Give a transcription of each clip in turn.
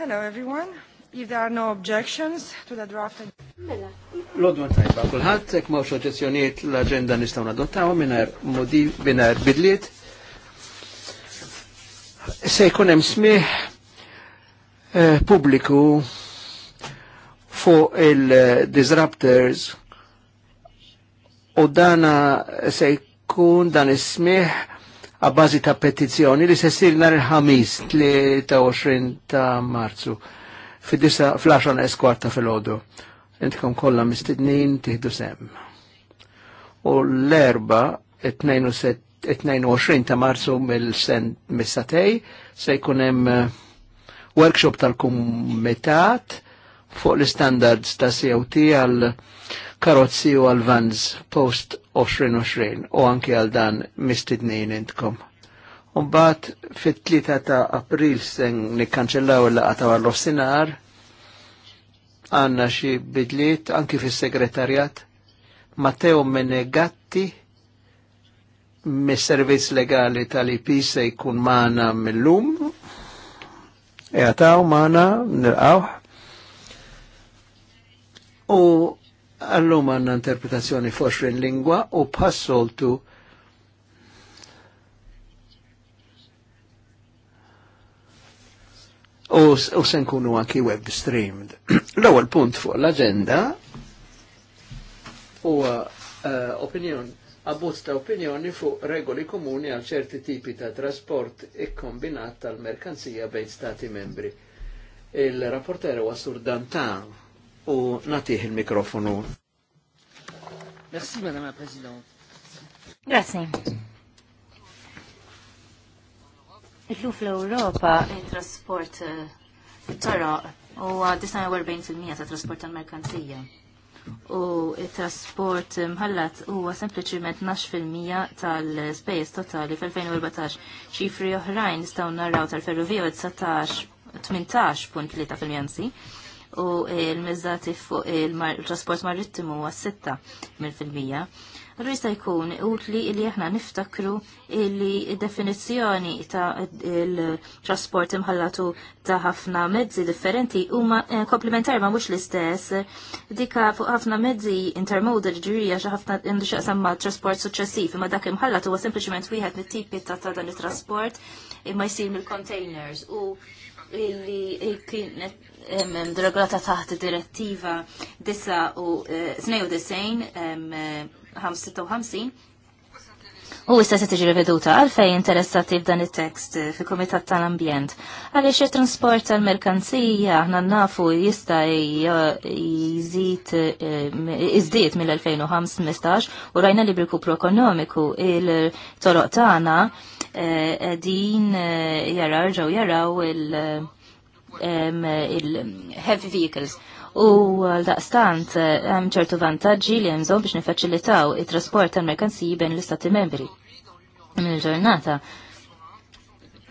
Hello everyone. If there are no objections to the draft mela. L-odwa tajba, kullħat, ek mawx oġezzjoniet l-agenda nistaw nadottaw minar modi binar bidliet. Se jkunem hemm smih eh, pubbliku fuq il-disruptors u dana se jkun dan is-smih għabbażi ta' petizzjoni li se ssir nhar il-ħamis 23 ta' Marzu fid-disa fl-10 eskwarta fil-ħodu. Intkom kollha mistednin tiħdu sem. U l-erba 22 ta' Marzu mill-satej se jkun hemm eh, workshop tal-kumitat fuq l-standards ta' COT għal karozzi u għal vans post 2020 u anki għal dan mistidnin intkom. Umbat fit-3 ta' april sen nikkanċellaw il-laqa ta' l ossinar għanna xie bidliet anki fis-segretarjat Matteo Menegatti mis-servizz legali tal-IP se jkun maħna mill-lum jgħataw maħna nil-qawħ u Allum għanna interpretazzjoni f'oxrin lingwa u passoltu. u, u senkunu għanki web streamed. L-ewwel punt fuq l agenda u uh, eh, opinjoni abbozz ta' opinjoni fuq regoli komuni għal ċerti tipi ta' trasport e kombinat tal-merkanzija bejn stati membri. Il-rapporter huwa Dantan u natiħ il-mikrofonu. Merci, Madame la President. Grazie. Il-luf fl-Europa il-trasport tara u 49% ta' trasport tal merkantija U il-trasport mħallat huwa sempliċiment 12% tal-space totali fil-2014. Ċifri oħrajn staw narraw tal-ferrovija 19 18.3% u l-mizzati fuq il-trasport marittimu għas 6 mill-filmija. Allura jista' jkun utli li aħna niftakru li definizzjoni ta' il-trasport imħallatu ta' ħafna mezzi differenti huma eh, komplementar ma' mhux l-istess. Dika fuq ħafna mezzi intermodal ġirija xi ħafna jendu x'aqsam trasport suċċessiv, imma dak imħallat huwa sempliċement wieħed mit-tipi ta' ta' dan it-trasport imma jsir mill-containers u li kienet regolata taħt direttiva 92-56 e, e, u issa se tiġi riveduta għalfej interessati f'dan it-tekst e, fi Kumitat tal-Ambjent. Għaliex it-transport tal-merkanzija aħna nafu jista' jżid iżdied mill-2015 u rajna li bil-kupru ekonomiku il-toroq tagħna din eh, jaraw ġew jaraw il-heavy vehicles. U l daqstant hemm ċertu vantaġġi li hemm biex nifacilitaw it-trasport tal merkanzi bejn l-istati membri. Mill-ġurnata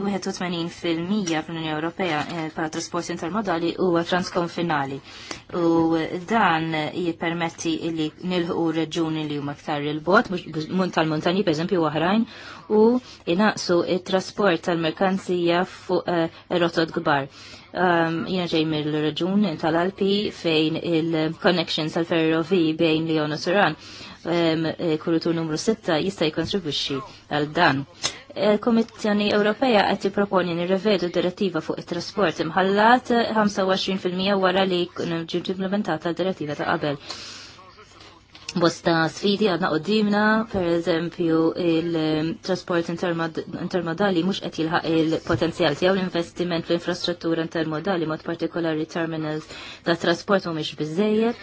81% fl-Unjoni Ewropea eh, para trasport intermodali huwa transkonfinali. U dan jippermetti li nilħu reġuni li huma aktar il-bot, tal-montani pereżempju oħrajn, u inaqsu it-trasport tal-merkanzija fuq eh, rotot kbar. Um, jina ġej mill-reġun tal-Alpi fejn il-connections tal-ferrovi bejn Lyon u Turan, um, eh, kurutu numru 6 jista' jikontribwixxi għal dan komissjoni Ewropea qed tipproponi nirrevedu direttiva fuq it-trasport imħallat 25% wara li kien implementata d-direttiva ta' qabel. Bosta sfidi għadna dimna, per eżempju, il-trasport intermodali mux qed jilħaq il-potenzjal tijaw l-investiment fl-infrastruttura intermodali mod partikolari terminals ta' trasport u mux bizzejer.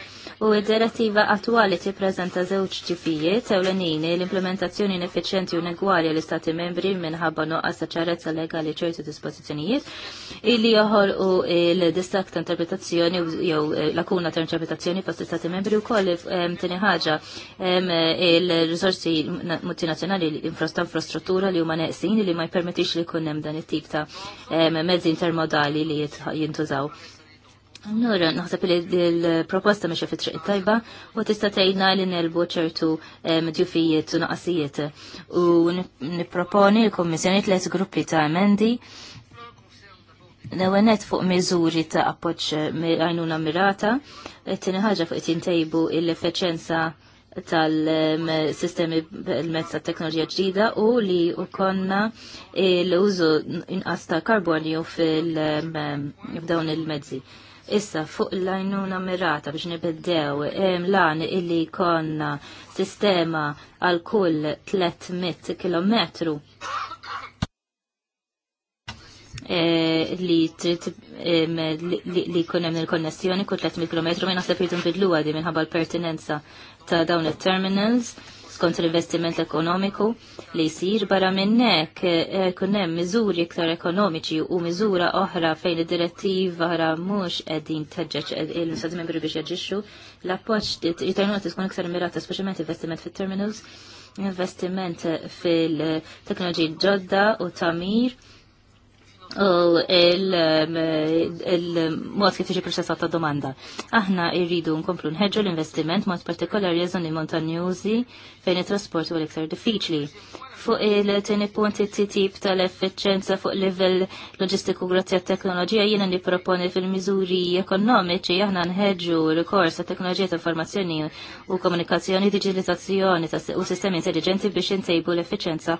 U id-direttiva attwali tippreżenta żewġ ġifijiet ewlenin l-implementazzjoni ineffiċjenti u negwali l-Istati membri minħabba noqqas ta' ċarezza legali ċertu dispożizzjonijiet illi joħolqu l distak ta' interpretazzjoni jew eh, lakuna ta' interpretazzjoni fost l-Istati membri wkoll eh, tieni ħaġa eh, il rizorsi multinazzjonali ta' infrastruttura li huma neqsin li ma jpermettix li jkun hemm dan it-tip ta' mezzi intermodali li jintużaw. Nura, naħseb li l-proposta meċa fit triq tajba u tista' tgħidna li nelbu ċertu medjufijiet u naqasijiet. U nipproponi l-Kommissjoni tliet gruppi ta' emendi Nawenet fuq miżuri ta' appoċ għajnuna mirata, t-tini ħagġa fuq t intejbu l-efficienza tal-sistemi mezz ta' teknoloġija ġdida u li u konna l-użu inqas ta' karbonju fil-dawn il-mezzi. Issa, fuq l-għajnuna mirata biex nibeddew, lan illi konna sistema għal kull 300 km Eh, li li jkun hemm il-konnessjoni kull 300 km minn naħseb jridu fidlu għadi minħabba l-pertinenza ta' dawn it-terminals skont l-investiment ekonomiku li jsir barra minn hekk eh, kun hemm miżuri iktar ekonomiċi u miżura oħra fejn id-direttiva oħra mhux qegħdin teġġeġ il-Stati Membri biex jaġixxu l-appoġġ jitajnuna tkun iktar mirata speċjalment investiment fit-terminals investiment fil-teknoloġi ġodda u tamir u il-mod um, kif tiġi ta' domanda. Aħna irridu nkomplu nħeġġu l-investiment mod partikolari jeżoni montanjużi fejn it-trasport u l-iktar diffiċli fuq il tini punti t-tip tal-effiċenza fuq livell loġistiku grazzi għat teknoloġija jiena niproponi fil-miżuri ekonomiċi aħna nħedġu l-kors ta' teknoloġija ta' informazzjoni u komunikazzjoni, digitalizzazzjoni u sistemi intelligenti biex intejbu l-effiċenza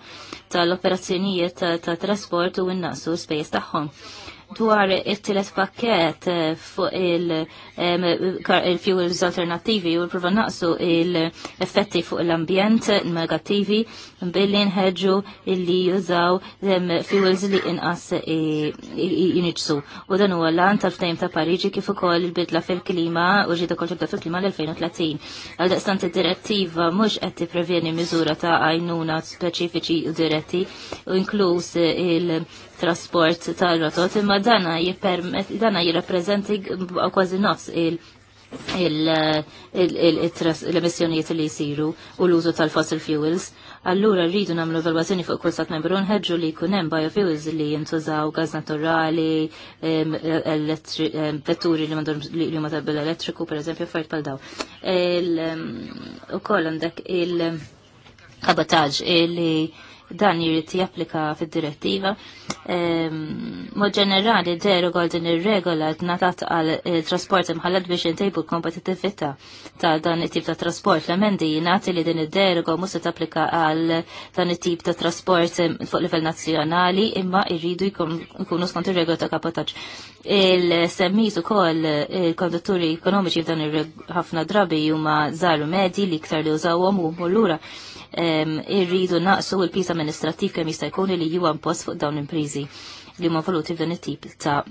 tal-operazzjonijiet ta' trasport u n-nasu spejjeż tagħhom dwar it-tielet pakket eh, fuq il-fuels alternativi u l-prova naqsu il-effetti fuq l-ambjent negativi billi nħedġu illi jużaw fuels li inqas eh, jinġsu. U dan huwa għallan tal-ftajm ta' Pariġi kif ukoll il-bidla fil-klima u kol ġibda fil-klima l-2030. Għal-daqstant id-direttiva mhux qed tippreveni miżura ta' għajnuna speċifiċi u diretti u inkluż il- trasport tal-rotot, imma dana jipermet, dana jirrapprezenti kważi nofs il- l-emissjonijiet li jisiru u l-użu tal-fossil fuels. Allura rridu namlu valwazzjoni fuq kull sat membru nħedġu li jkun hemm biofuels li jintużaw gaz naturali, vetturi li mandur li huma tabel elettriku pereżempju fajt bħal daw. Ukoll għandek il-kabotaġġ li dan jirrit japplika fil-direttiva. Ehm, mod ġenerali, deru din ir-regola natat għal eh, trasport imħallat biex intejbu kompetitivita ta' dan it-tip ta' trasport. L-emendi jinati li din id-deroga musa tapplika għal dan it-tip ta' trasport eh, fuq livell nazzjonali imma irridu jkunu skont ir-regola ta' kapotaġġ. Il-semmiz ukoll eh, il-kondutturi ekonomiċi f'dan ir ħafna drabi huma żaru medi li iktar li użawhom u mollura. lura irridu naqsu il-pis amministrativ kemm jista' jkun li huwa impost fuq dawn l-imprizi li huma voluti f'dan it-tip ta'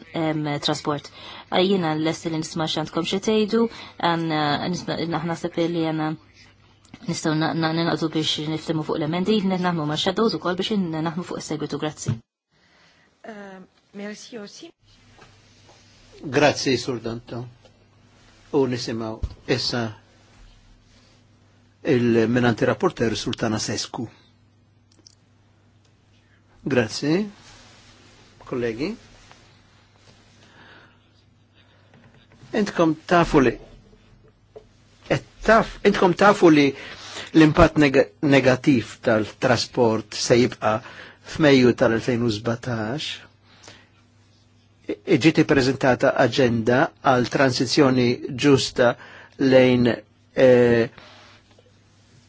trasport. Jiena lest li nisma' x'għandkom xi tgħidu, eh, naħseb li għandna nistgħu naqdu biex niftimu fuq l-emendi, naħmu ma' xadows ukoll biex naħmu fuq is-segwitu. Grazzi. Eh, merci aussi. Grazzi, Sur Danton. U nisimaw issa il-menanti rapporter Sultana Sescu. Grazie, kollegi. Entkom tafu li taf, intkom tafu li l impat neg negativ tal-trasport se jibqa f'Mejju tal-2017. Iġiti prezentata agenda għal transizjoni ġusta lejn eh,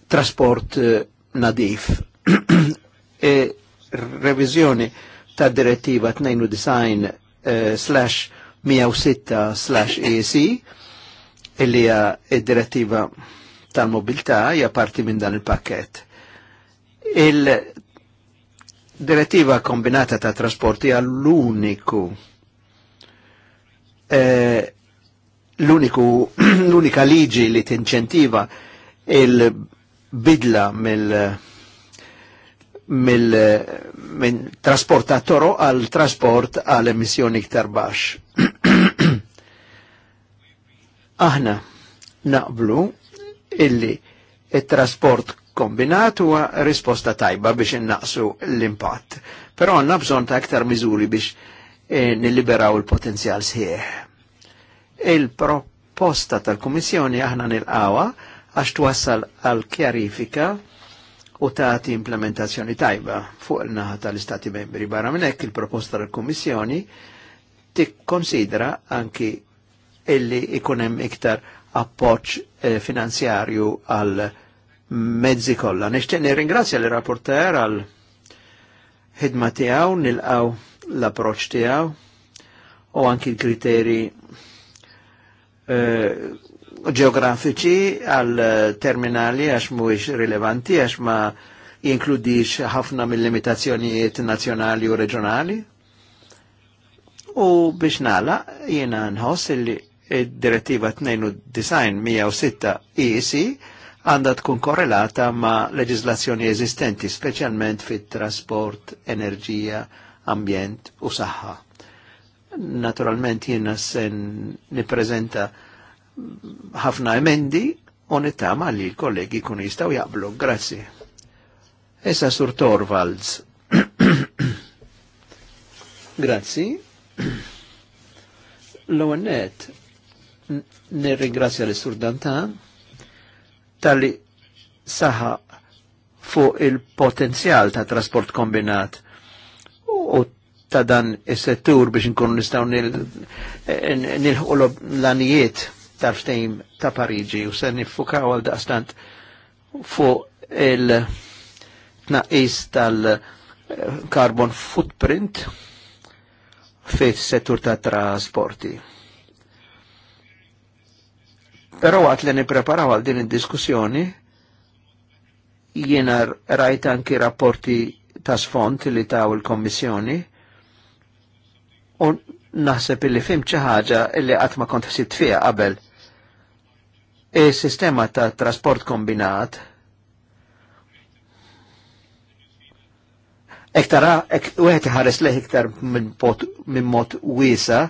trasport eh, nadif. e revizjoni ta' direttiva 92 eh, slash 106 slash EC illi hija direttiva tal-mobilità hija parti minn dan il-pakket. Il-direttiva kombinata ta' trasporti hija l-uniku eh, l-uniku l-unika liġi li tinċentiva il- bidla mill mill min trasport ta' toro għal trasport għal emissjoni iktar baxx. Aħna naqblu illi il trasport kombinat huwa risposta tajba biex innaqsu l-impatt. Però għanna bżonn ta' aktar miżuri biex e, nilliberaw il-potenzjal sħiħ. Il-proposta tal komissjoni aħna nilqawa għax twassal għal kjarifika u tagħti implementazzjoni tajba fuq il-naħa tal-Istati membri. Barra minn hekk il-proposta tal-Kummissjoni konsidra anki illi ikun hemm iktar appoġġ eh, finanzjarju għal mezzi kollha. Nishtenni ringrazja l-rapporter għal ħidma tiegħu nilqgħu l-approċċ tijaw u anki l-kriteri eh, ġeografiċi għal terminali għax mhuwiex rilevanti għax ma jinkludix ħafna mill-limitazzjonijiet nazzjonali u reġjonali. U biex nala jiena nħoss li id-direttiva 296 EC għandha tkun korrelata ma' leġislazzjoni eżistenti, speċjalment fit-trasport, enerġija, ambjent u saħħa. Naturalment jiena sen nippreżenta ħafna emendi u nittama li l-kollegi kun jistaw jaqblu. Grazzi. Issa sur Torvalds. Grazzi. L-għonnet, nirringrazzja li sur Dantan tal-li saħa fuq il-potenzjal ta' trasport kombinat u ta' dan is-settur biex nkunu nistgħu ħolob l-anijiet tal ta' Pariġi u se nifukaw għal daqstant fuq il-tnaqis tal-carbon footprint fit settur ta' trasporti. Pero għat li nipreparaw għal din id-diskussjoni jiena rajt anki rapporti ta' sfont li ta' il-Kommissjoni u naħseb illi fim ħaġa li qatt ma kont ħsibt fiha qabel. Il-sistema ta' trasport kombinat Ektara, ek, għet ħares leħ iktar minn min mod wisa,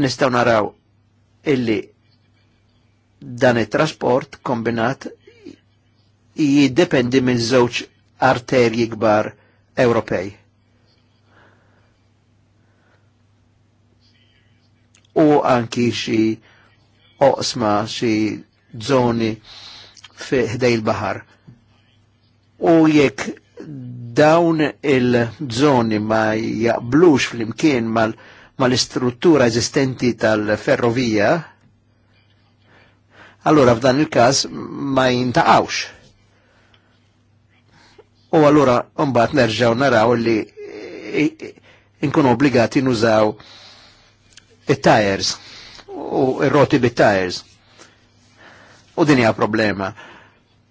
nistaw naraw illi dan il trasport kombinat jiddependi minn żewġ arterji gbar Ewropej. U anki xie oqsma xi zoni fi ħdej il-bahar. U jekk dawn il-żoni ma jaqblux fl-imkien mal-istruttura mal eżistenti tal-ferrovija, allora f'dan il-każ ma jintaqawx. U allura mbagħad nerġgħu naraw li nkunu obbligati nużaw it-tires u roti bit U din hija problema.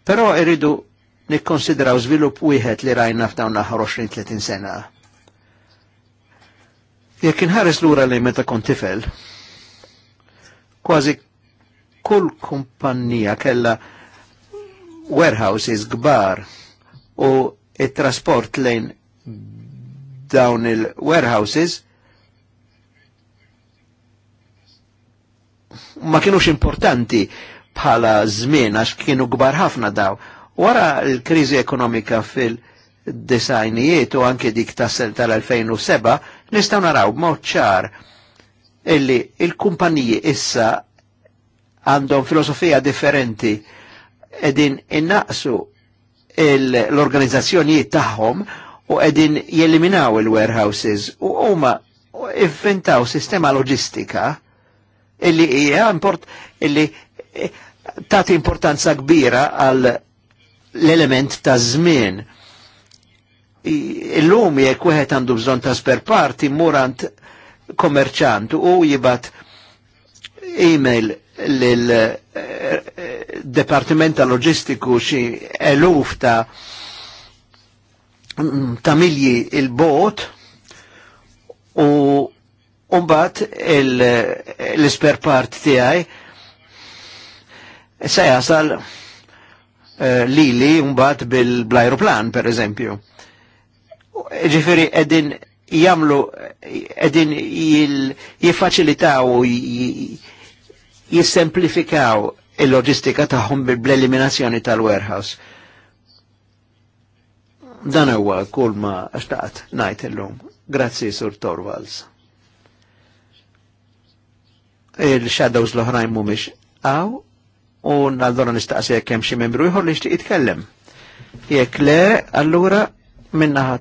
Però irridu nikkonsidraw żvilupp wieħed li rajna f'dawn aħħar 20-30 sena. Jekk inħares lura li meta kont tifel, kważi kull kumpanija kella warehouses gbar u it-trasport lejn dawn il-warehouses ma kienux importanti bħala żmien għax kienu gbar ħafna daw. Wara l-kriżi ekonomika fil desajnijiet u anke dik tassel tal-2007 nistgħu naraw b'mod ċar illi il-kumpaniji issa għandhom filosofija differenti edin innaqsu l-organizzazzjonijiet tagħhom u edin jeliminaw il-warehouses u huma inventaw sistema loġistika illi hija import illi eh, tagħti importanza kbira għal l-element ta' żmien. Illum jekk wieħed għandu bżonn ta' spare parti murant kommerċant u jibat email lil eh, departiment loġistiku xi eluf ta' tamilji il-bot u Umbat l-isper part tijaj se jasal uh, lili umbat bil-aeroplan, per eżempju. Ġifiri, edin jamlu, edin jifacilitaw, jissemplifikaw il-loġistika taħum bil-eliminazzjoni tal-warehouse. Dan huwa kull ma xtaqt najt illum. Grazzi, Sur Torvalds il-shadows l-oħrajn mumiex għaw u għallura nistaqsi jekk hemm xi membru ieħor li xtiq jitkellem. Jekk le, allura minna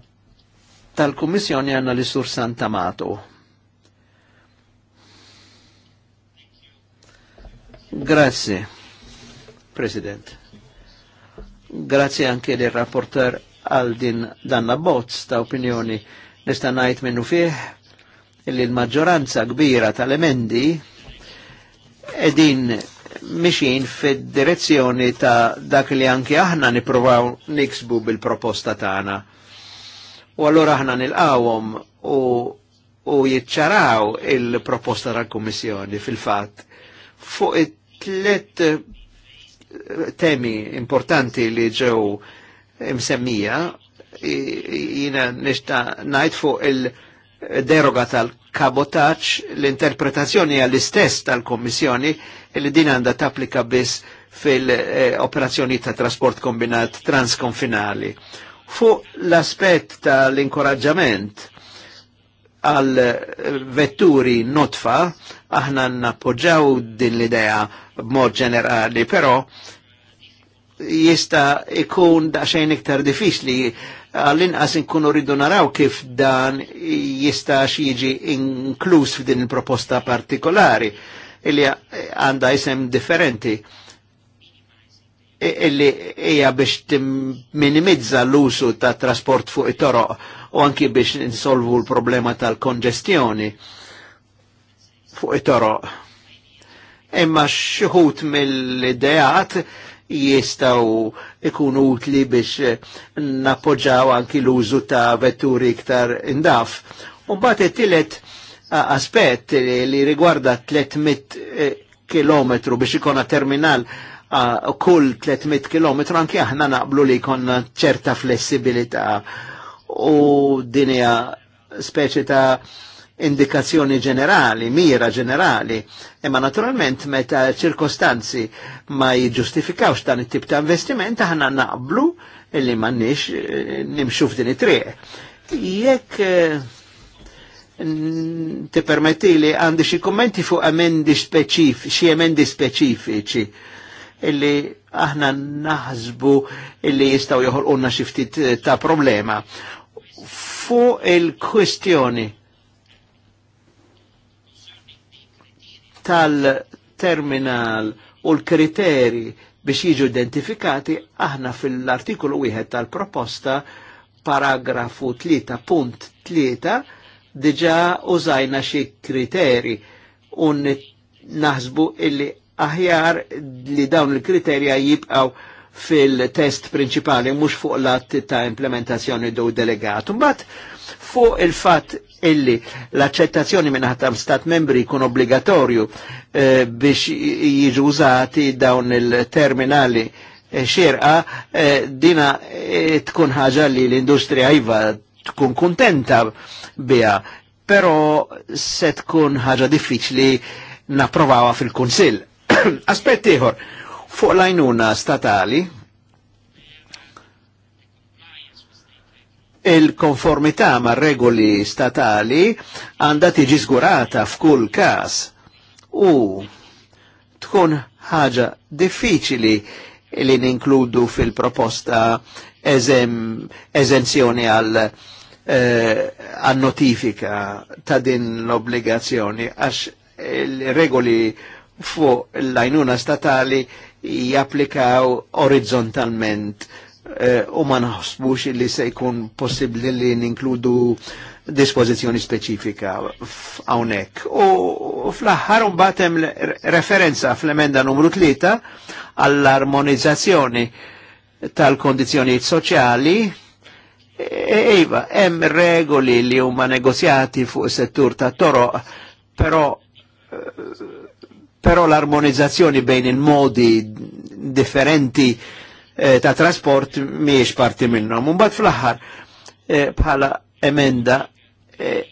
tal-Kummissjoni għandna li sur Matu. Grazzi, President. Grazzi anke li rapporter għal din danna bozz ta' opinjoni nista' ngħid minnu fih illi l-maġġoranza kbira tal-emendi edin mixin fid-direzzjoni ta' dak li anki aħna niprovaw niksbu bil-proposta tagħna. U allura aħna nilqawhom u, u jiċċaraw il-proposta tal-Kummissjoni fil-fatt fuq it-tlet eh, temi importanti li ġew msemmija jina nishta najt fuq il- deroga tal-kabotaċ l-interpretazzjoni għall-istess tal-Kommissjoni li din għanda tapplika biss fil-operazzjoni ta' trasport kombinat transkonfinali. Fuq l-aspett tal-inkoraġġament għal vetturi notfa, aħna nappoġġaw din l-idea b'mod ġenerali, però jista ikun daċxajn iktar diffiċli għall-inqas nkunu rridu naraw kif dan jistax jiġi inkluż f'din il-proposta partikolari illi għanda jisem differenti illi hija biex minimizza l-usu ta' trasport fuq it-toroq u anki biex insolvu l-problema tal-konġestjoni fuq it-toroq. Imma xħut mill-ideat jistaw ikunu utli biex eh, napoġaw anki l-użu ta' vetturi iktar indaf. U bat it tillet aspett li rigwarda 300 eh, km biex ikona terminal kull 300 km anki aħna naqblu li konna ċerta flessibilità u dinja speċi ta' indikazzjoni ġenerali, mira ġenerali, imma naturalment meta ċirkostanzi ma jġustifikawx dan it-tip ta' investiment aħna naqblu illi m'għandniex eh, nimxu f'din it-triq. Jekk eh, ti permetti li għandi xi kummenti fuq emendi speċifiċi, xi emendi speċifiċi illi aħna naħsbu illi jistaw joħolqunna xi ftit ta' problema. Fuq il-kwistjoni tal-terminal u l-kriteri biex jiġu identifikati aħna fil-artikolu wieħed tal-proposta paragrafu 3.3 diġa użajna xi kriteri u naħsbu illi aħjar li dawn il-kriterja jibqaw fil-test prinċipali mhux fuq l-att ta' implementazzjoni do delegat. Mbagħad fuq il-fatt illi l-accettazzjoni minn ħatam stat membri jkun obbligatorju eh, biex jiġu użati dawn il-terminali eh, xirqa, eh, dina tkun ħaġa li l-industrija jiva tkun kontenta biha, però se tkun ħaġa diffiċli naprovawa fil-Kunsill. Aspetti ieħor, fuq lajnuna statali, il-konformità ma' regoli statali għandha tiġi zgurata f'kull każ u tkun ħaġa diffiċili li ninkludu fil-proposta eżenzjoni għal eh, notifika ta' din l-obbligazzjoni għax il-regoli fuq l ajnuna statali japplikaw orizzontalment Eh, u ma naħsbux li se jkun possibli li ninkludu dispozizjoni specifika hawnhekk. U fl-aħħar un batem referenza fl-emenda numru 3 għall-armonizzazzjoni tal-kondizzjonijiet soċjali e-, e-, Iva, hemm regoli li huma negozjati fuq settur ta' toroq, però eh, però l-armonizzazzjoni bejn il-modi differenti Eh, ta' trasport miex parti minnom. Mbagħad fl-aħħar eh, bħala emenda eh,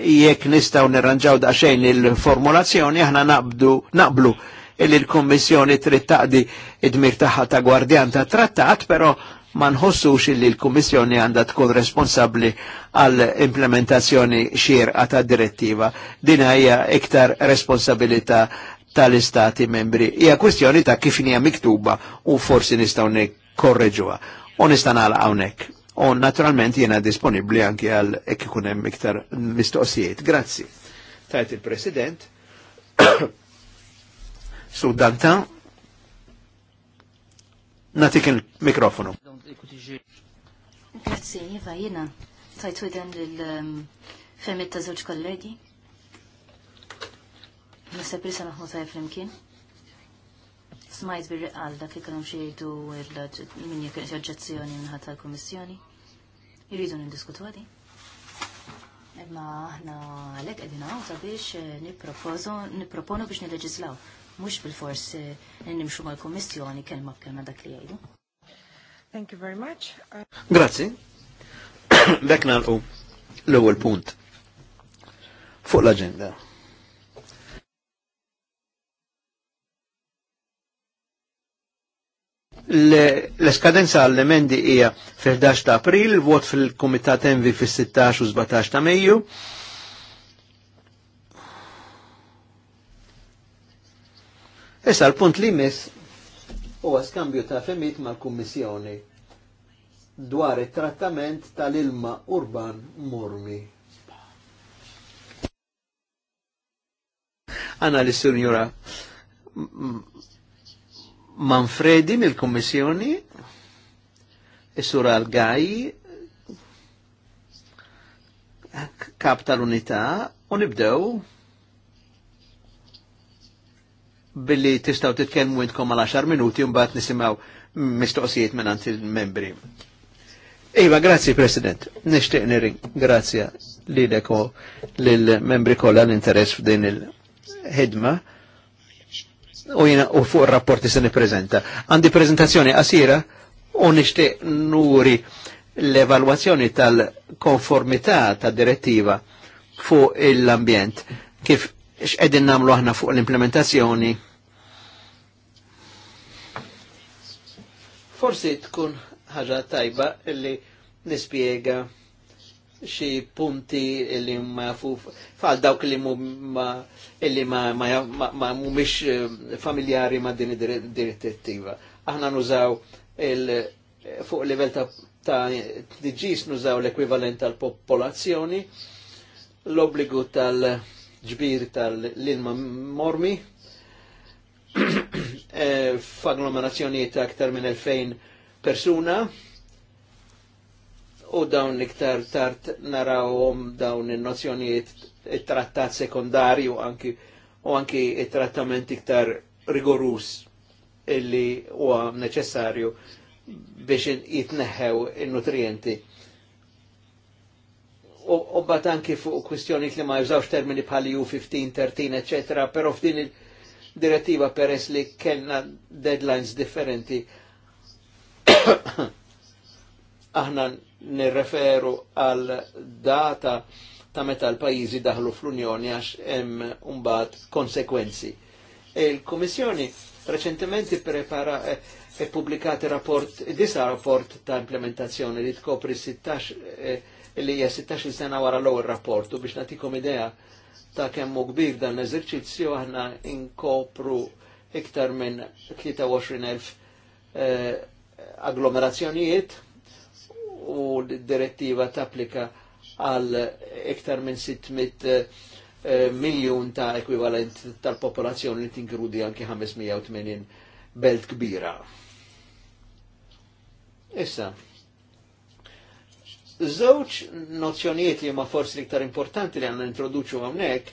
jekk nistgħu nirranġaw da' xejn il-formulazzjoni aħna naqbdu naqblu il l-Kommissjoni trid taqdi id-dmir tagħha ta' gwardjan ta' trattat, però ma nħossux illi l-Kummissjoni għandha tkun responsabbli għall implementazzjoni xierqa ta' direttiva. Din hija iktar responsabilità tal-istati membri. Ija kwestjoni ta' kif nija miktuba u forsi nistgħu korreġua. U nista' għal hawnhekk. U naturalment jiena disponibbli anke għal hekk ikun hemm iktar mistoqsijiet. Grazzi. Tajt il-President. Sudanta. Natik il-mikrofonu. Grazzi, Iva, jiena tajt dan lil um, femmet ta' zoċ kollegi Nasab li ta' tajf kien? Smajt bir-riqqal dak li kellhom xejtu min jekk oġġezzjoni minħat tal-Kummissjoni. Irridu nindiskutu għadi. Imma aħna għalhekk qegħdin hawn sabiex eh, nippropozu nipproponu biex nileġislaw. Mhux bil-fors eh, nimxu mal-Kummissjoni kelma b'kelma dak li jgħidu. Thank you very much. Grazzi. Dak nagħlqu l-ewwel punt fuq l-aġenda. L-eskadenza għall-emendi hija fil-11 ta' april, vot fil-Kumitat Envi fil-16 u 17 ta' Mejju. Issa l-punt li mis huwa skambju ta' femmit mal-Kummissjoni dwar it-trattament tal-ilma urban murmi. Għana li sunjura Manfredi mill-Kommissjoni, Isura e Al-Gaj, kap tal-unità, u nibdew billi tistaw titkellmu intkom għal 10 minuti u mbagħad nisimgħu mistoqsijiet minn il-membri. Iva, grazzi President. Nishtiq nirin, grazzja li deko lil membri kolla l-interess f'din il-ħidma u jina u fuq rapporti se niprezenta. Għandi prezentazzjoni qasira u nixtieq nuri l-evalwazzjoni tal-konformità tad direttiva fuq l-ambjent kif x'qegħdin nagħmlu aħna fuq l-implementazzjoni. Forsi tkun ħaġa tajba illi nispjega xi punti li ma fal dawk li ma li ma ma ma mhumiex eh, familjari ma din id-direttiva. Aħna nużaw il eh, fuq livell ta' ta' diġis nużaw l-ekwivalent tal-popolazzjoni, l-obbligu tal-ġbir tal-ilma mormi, eh, f'agglomerazzjoni ta' aktar minn 2000 persuna, u dawn iktar tart narawhom dawn in-nozzjonijiet it-trattat sekundarju anki u anki it-trattament iktar rigorus illi huwa neċessarju biex jitneħħew in-nutrienti. U bat anki fuq kwistjoni li ma jużawx termini bħal U15, 13, eccetera, pero f'din il-direttiva peress li kellna deadlines differenti aħna nirreferu għal data ta' meta l-pajizi daħlu fl-Unjoni għax hemm mbagħad konsekwenzi. Il-Kummissjoni reċentement prepara eh, e pubblikati rapport, disa rapport ta' implementazzjoni li tkopri 16 eh, li hija 16 sena wara l-ewwel rapport u biex nagħtikom idea ta' kemm kbir dan l-eżerċizzju aħna inkopru iktar minn 23,000 eh, agglomerazzjonijiet u l-direttiva tapplika għal iktar minn 600 eh, eh, miljon ta' ekwivalent tal-popolazzjoni li tinkrudi anki 580 belt kbira. Issa, żewġ nozzjonijiet li ma forsi iktar importanti li għanna introduċu għawnek,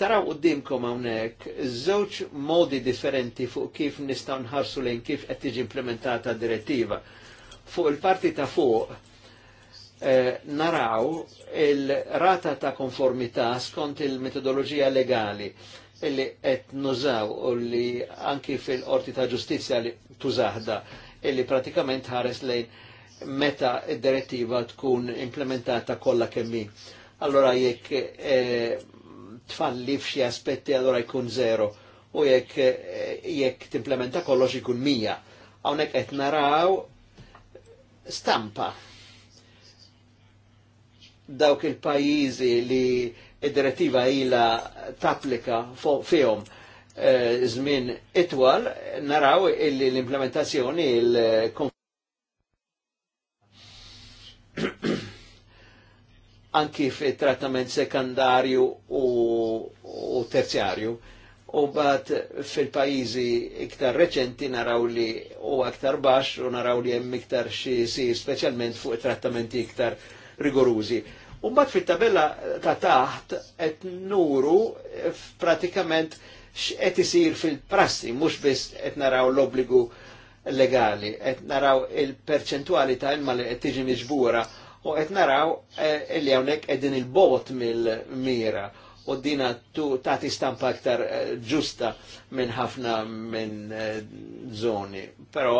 taraw dimkom hawnhekk żewġ modi differenti fuq kif nistgħu nħarsu lejn kif qed tiġi implementata d direttiva. Fuq il-parti ta' fuq Eh, naraw il-rata ta' konformità skont il-metodologija legali illi qed nużaw u li anki fil-qorti ta' ġustizja li tużaħda illi pratikament ħares lejn meta id-direttiva tkun implementata kollha kemmi. Allora jekk eh, tfalli f'xi aspetti allora jkun zero u jekk eh, jekk timplementa kollox ikun mija. Hawnhekk qed naraw stampa dawk il pajizi li id-direttiva ila tapplika fihom zmin eh, itwal naraw illi l-implementazzjoni il anki fi trattament sekandarju u terzjarju u bat fil-pajizi iktar reċenti naraw li u aktar bax u naraw li jem iktar xie si specialment fuq trattamenti iktar rigorużi. U mbagħad fit-tabella ta' taħt qed nuru pratikament x'qed isir fil-prassi, mhux biss qed naraw l-obbligu legali, qed naraw il-perċentwali ta' ilma li qed tiġi miġbura u qed naraw eh, li hawnhekk qegħdin il-bot mill-mira u dina tagħti stampa aktar eh, ġusta minn ħafna minn eh, zoni. Però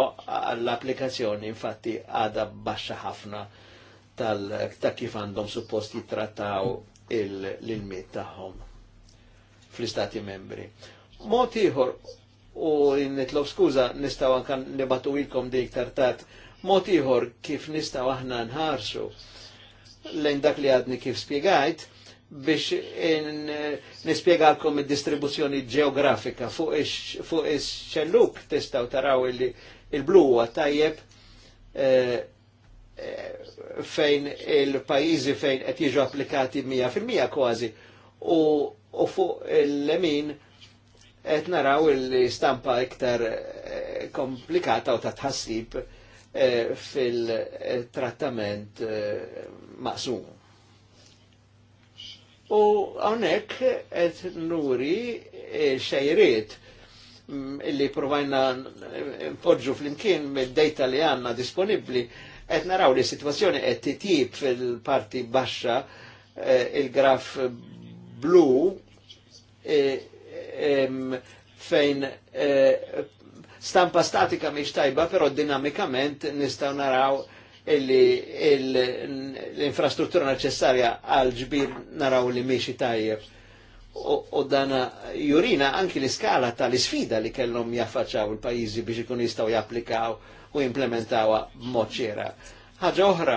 l-applikazzjoni infatti għadha baxxa ħafna ta' kif għandhom suppost jittrattaw l inmiet tagħhom fl-istati membri. Mod ieħor u nitlob skuża nistgħu anke nibatu ilkom dik tartat, mod ieħor kif nistgħu aħna nħarsu lejn dak li għadni kif spiegajt biex nispiegalkom id-distribuzzjoni ġeografika fuq ix-xelluk tistgħu taraw li il-blu huwa tajjeb eh, fejn il-pajizi fejn qed jiġu applikati 100% kważi u, u fuq il-lemin qed naraw il-stampa iktar komplikata u ta' tħassib fil-trattament maqsum. U hawnhekk qed nuri xejriet illi provajna nfoġġu fl-imkien mid-dejta li għanna disponibli et naraw li situazzjoni et titib fil-parti baxxa eh, il-graf blu eh, fejn eh, stampa statika miex tajba, pero dinamikament nistaw naraw l-infrastruttura necessaria għal ġbir naraw li miex tajjeb. U dana jurina anki l-iskala tal-isfida li kellhom jaffaċċaw il pajizi biex ikun jistaw japplikaw u implementawa moċera. Ħaġa oħra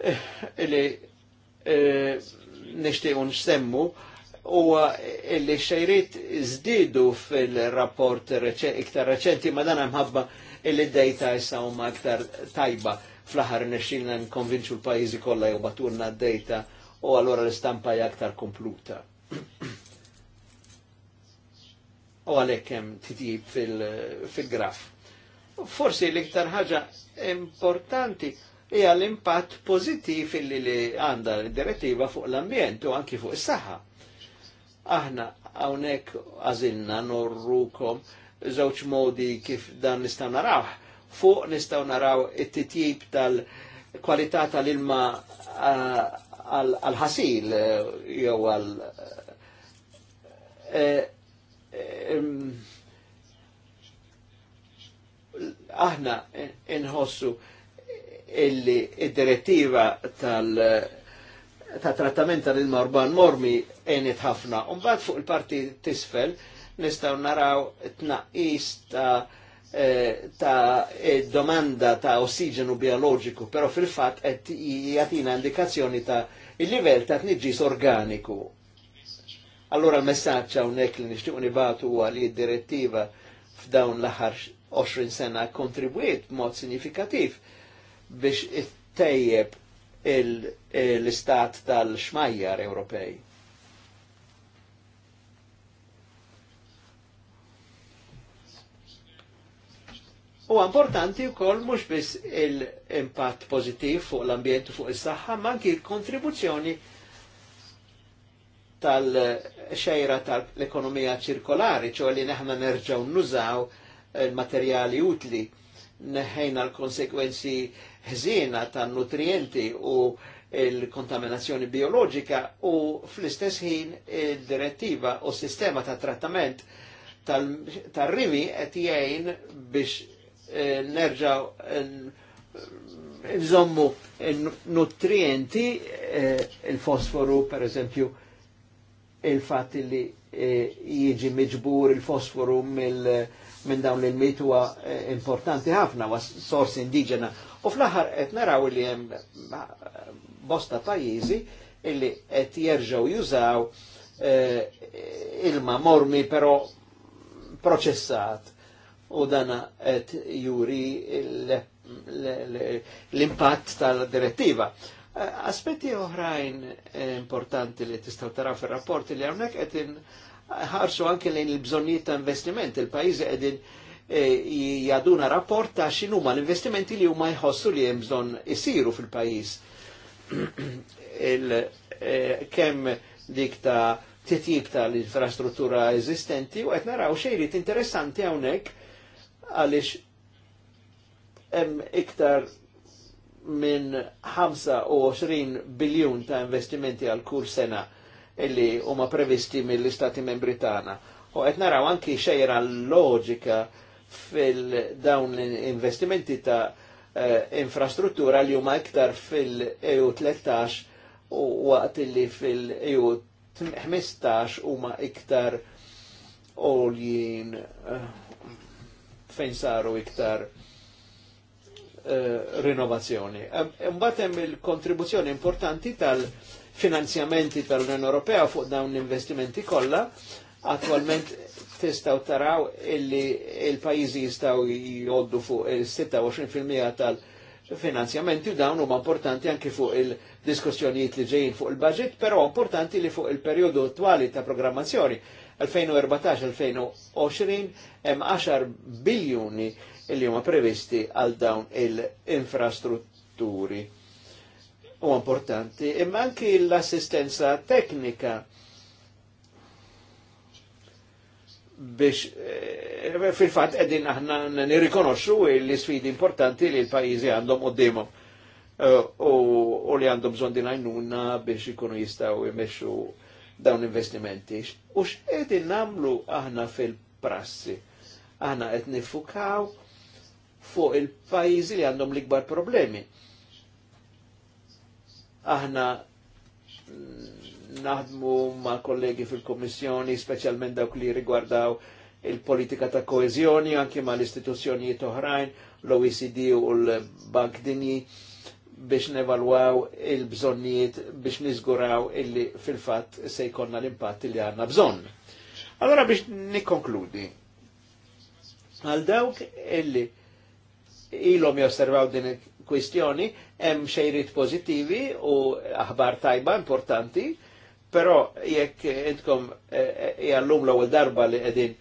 eh, li eh, nixtiequ nsemmu u li xejrit zdidu fil-rapport iktar reċenti ma dan mħabba li d-dejta jissa huma iktar tajba fl-ħar nexxilna nkonvinċu l-pajizi kollha batunna d-dejta u allora l-istampa jaktar kompluta. U għalhekk hemm titjib fil-graf. Forsi l-iktar ħaġa importanti hija l-impatt pożittiv illi li għandha l-direttiva fuq l-ambjent u anki fuq is-saħħa. Aħna hawnhekk għażilna norrukom żewġ modi kif dan nistgħu narawh. Fuq nistgħu naraw it-titjib tal-kwalità tal-ilma għal-ħasil jew għal eh, eh, aħna inħossu illi id-direttiva tal- ta' trattament tal il marban mormi enit ħafna. Umbat fuq il-parti tisfel nistaw naraw tnaqis ta' eh, ta' domanda ta' ossigenu biologiku, pero fil-fat qed jatina indikazzjoni ta' il-livell ta' tniġġis organiku. Allora l-messaġġ hawnhekk li nixtiequ nibatu huwa li d-direttiva f'dawn l-aħħar 20 sena kontribwiet mod sinifikativ biex ittejjeb l-istat tal-xmajjar Ewropej. U importanti u koll mux bis il-impatt pozitiv fuq l-ambjent fuq il-saxħa, ma anki l kontribuzzjoni tal-xejra tal-ekonomija ċirkolari, ċo li neħna nerġaw nużaw materjali utli neħejna l-konsekwenzi ħżiena ta' nutrienti u il-kontaminazzjoni biologika u fl-istess ħin il-direttiva u sistema ta' trattament tal-rimi qed jgħin biex eh, nerġaw eh, nżommu nutrienti eh, il-fosforu per eżempju il-fatt li jiġi miġbur il-fosforu mill- minn dawn il-mit huwa eh, importanti ħafna wa sors indiġena. U fl-aħħar qed naraw li hemm eh, bosta pajjiżi illi qed jerġgħu jużaw eh, ilma mormi però proċessat u dana qed juri l-impatt tal-direttiva. Aspetti oħrajn importanti li tistgħu taraw fir-rapport li hawnhekk qed ħarsu anke lejn il-bżonnijiet ta' investiment. Il-pajjiżi qegħdin eh, jaduna rapport ta' x'inhuma l-investimenti li huma jħossu li hemm bżonn isiru fil-pajjiż. Eh, kemm dik ta' titjib tal-infrastruttura eżistenti u qed naraw xejrit interessanti hawnhekk għaliex hemm iktar minn 25 biljun ta' investimenti għal kull sena illi huma previsti mill-Istati Membri tagħna. U qed naraw anki xejra loġika fil-dawn investimenti ta' eh, infrastruttura li huma iktar fil-EU 13 u waqt li fil-EU 15 huma iktar uh, fejn saru iktar uh, rinnovazzjoni. Mbagħad hemm il-kontribuzzjoni importanti tal- uh, finanzjamenti tal-Unjoni Ewropea fuq dawn l-investimenti kollha, attualment testaw taraw illi il-pajjiżi jistgħu jgħoddu fuq il-26% tal-finanzjamenti u dawn huma importanti anki fuq il-diskussjonijiet li ġejjin fuq il-budget, però importanti li fuq il-perjodu attwali ta' programmazzjoni 2014-2020 hemm 10 biljuni li huma previsti għal dawn il-infrastrutturi u importanti, imma anki l-assistenza teknika biex eh, fil-fat edin aħna nirrikonoxxu l-sfidi importanti li l-pajizi għandhom demo eh, u li għandhom bżon din għajnuna biex ikunu jistaw imexxu dawn investimenti. U x'qed namlu aħna fil-prassi? Aħna qed nifukaw fuq il-pajjiżi li għandhom l-ikbar problemi. Aħna naħdmu ma' kollegi fil komissjoni speċjalment dawk li rigwardaw il-politika ta' koezjoni, anki mal istituzzjonijiet oħrajn, l-OECD u l-Bank Dinji, biex nevalwaw il-bżonnijiet biex nizguraw illi fil-fat se jkonna l-impatt li għanna bżonn. Allora biex nikonkludi. Għal dawk illi ilhom josservaw din il-kwistjoni, hemm xejrit pozittivi u aħbar tajba importanti, però jekk intkom eh, eh, jallum l-ewwel darba li qegħdin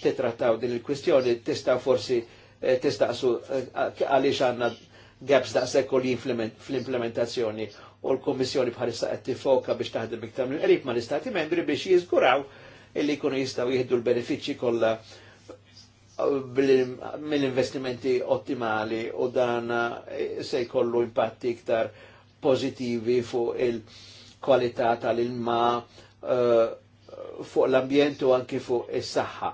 titrattaw din il-kwistjoni tista' forsi eh, tistaqsu għaliex għandna gaps daqshekk u fl-implementazzjoni u l-Kommissjoni bħalissa qed tifoka biex taħdem iktar mill qrib mal-Istati membri biex jiżguraw illi jkunu jistgħu jieħdu l-benefiċċji kollha mill-investimenti ottimali u dan eh, se jkollu impatti iktar pozitivi fuq il-kwalità tal-ilma eh, fuq l-ambjent u anki fuq is-saħħa.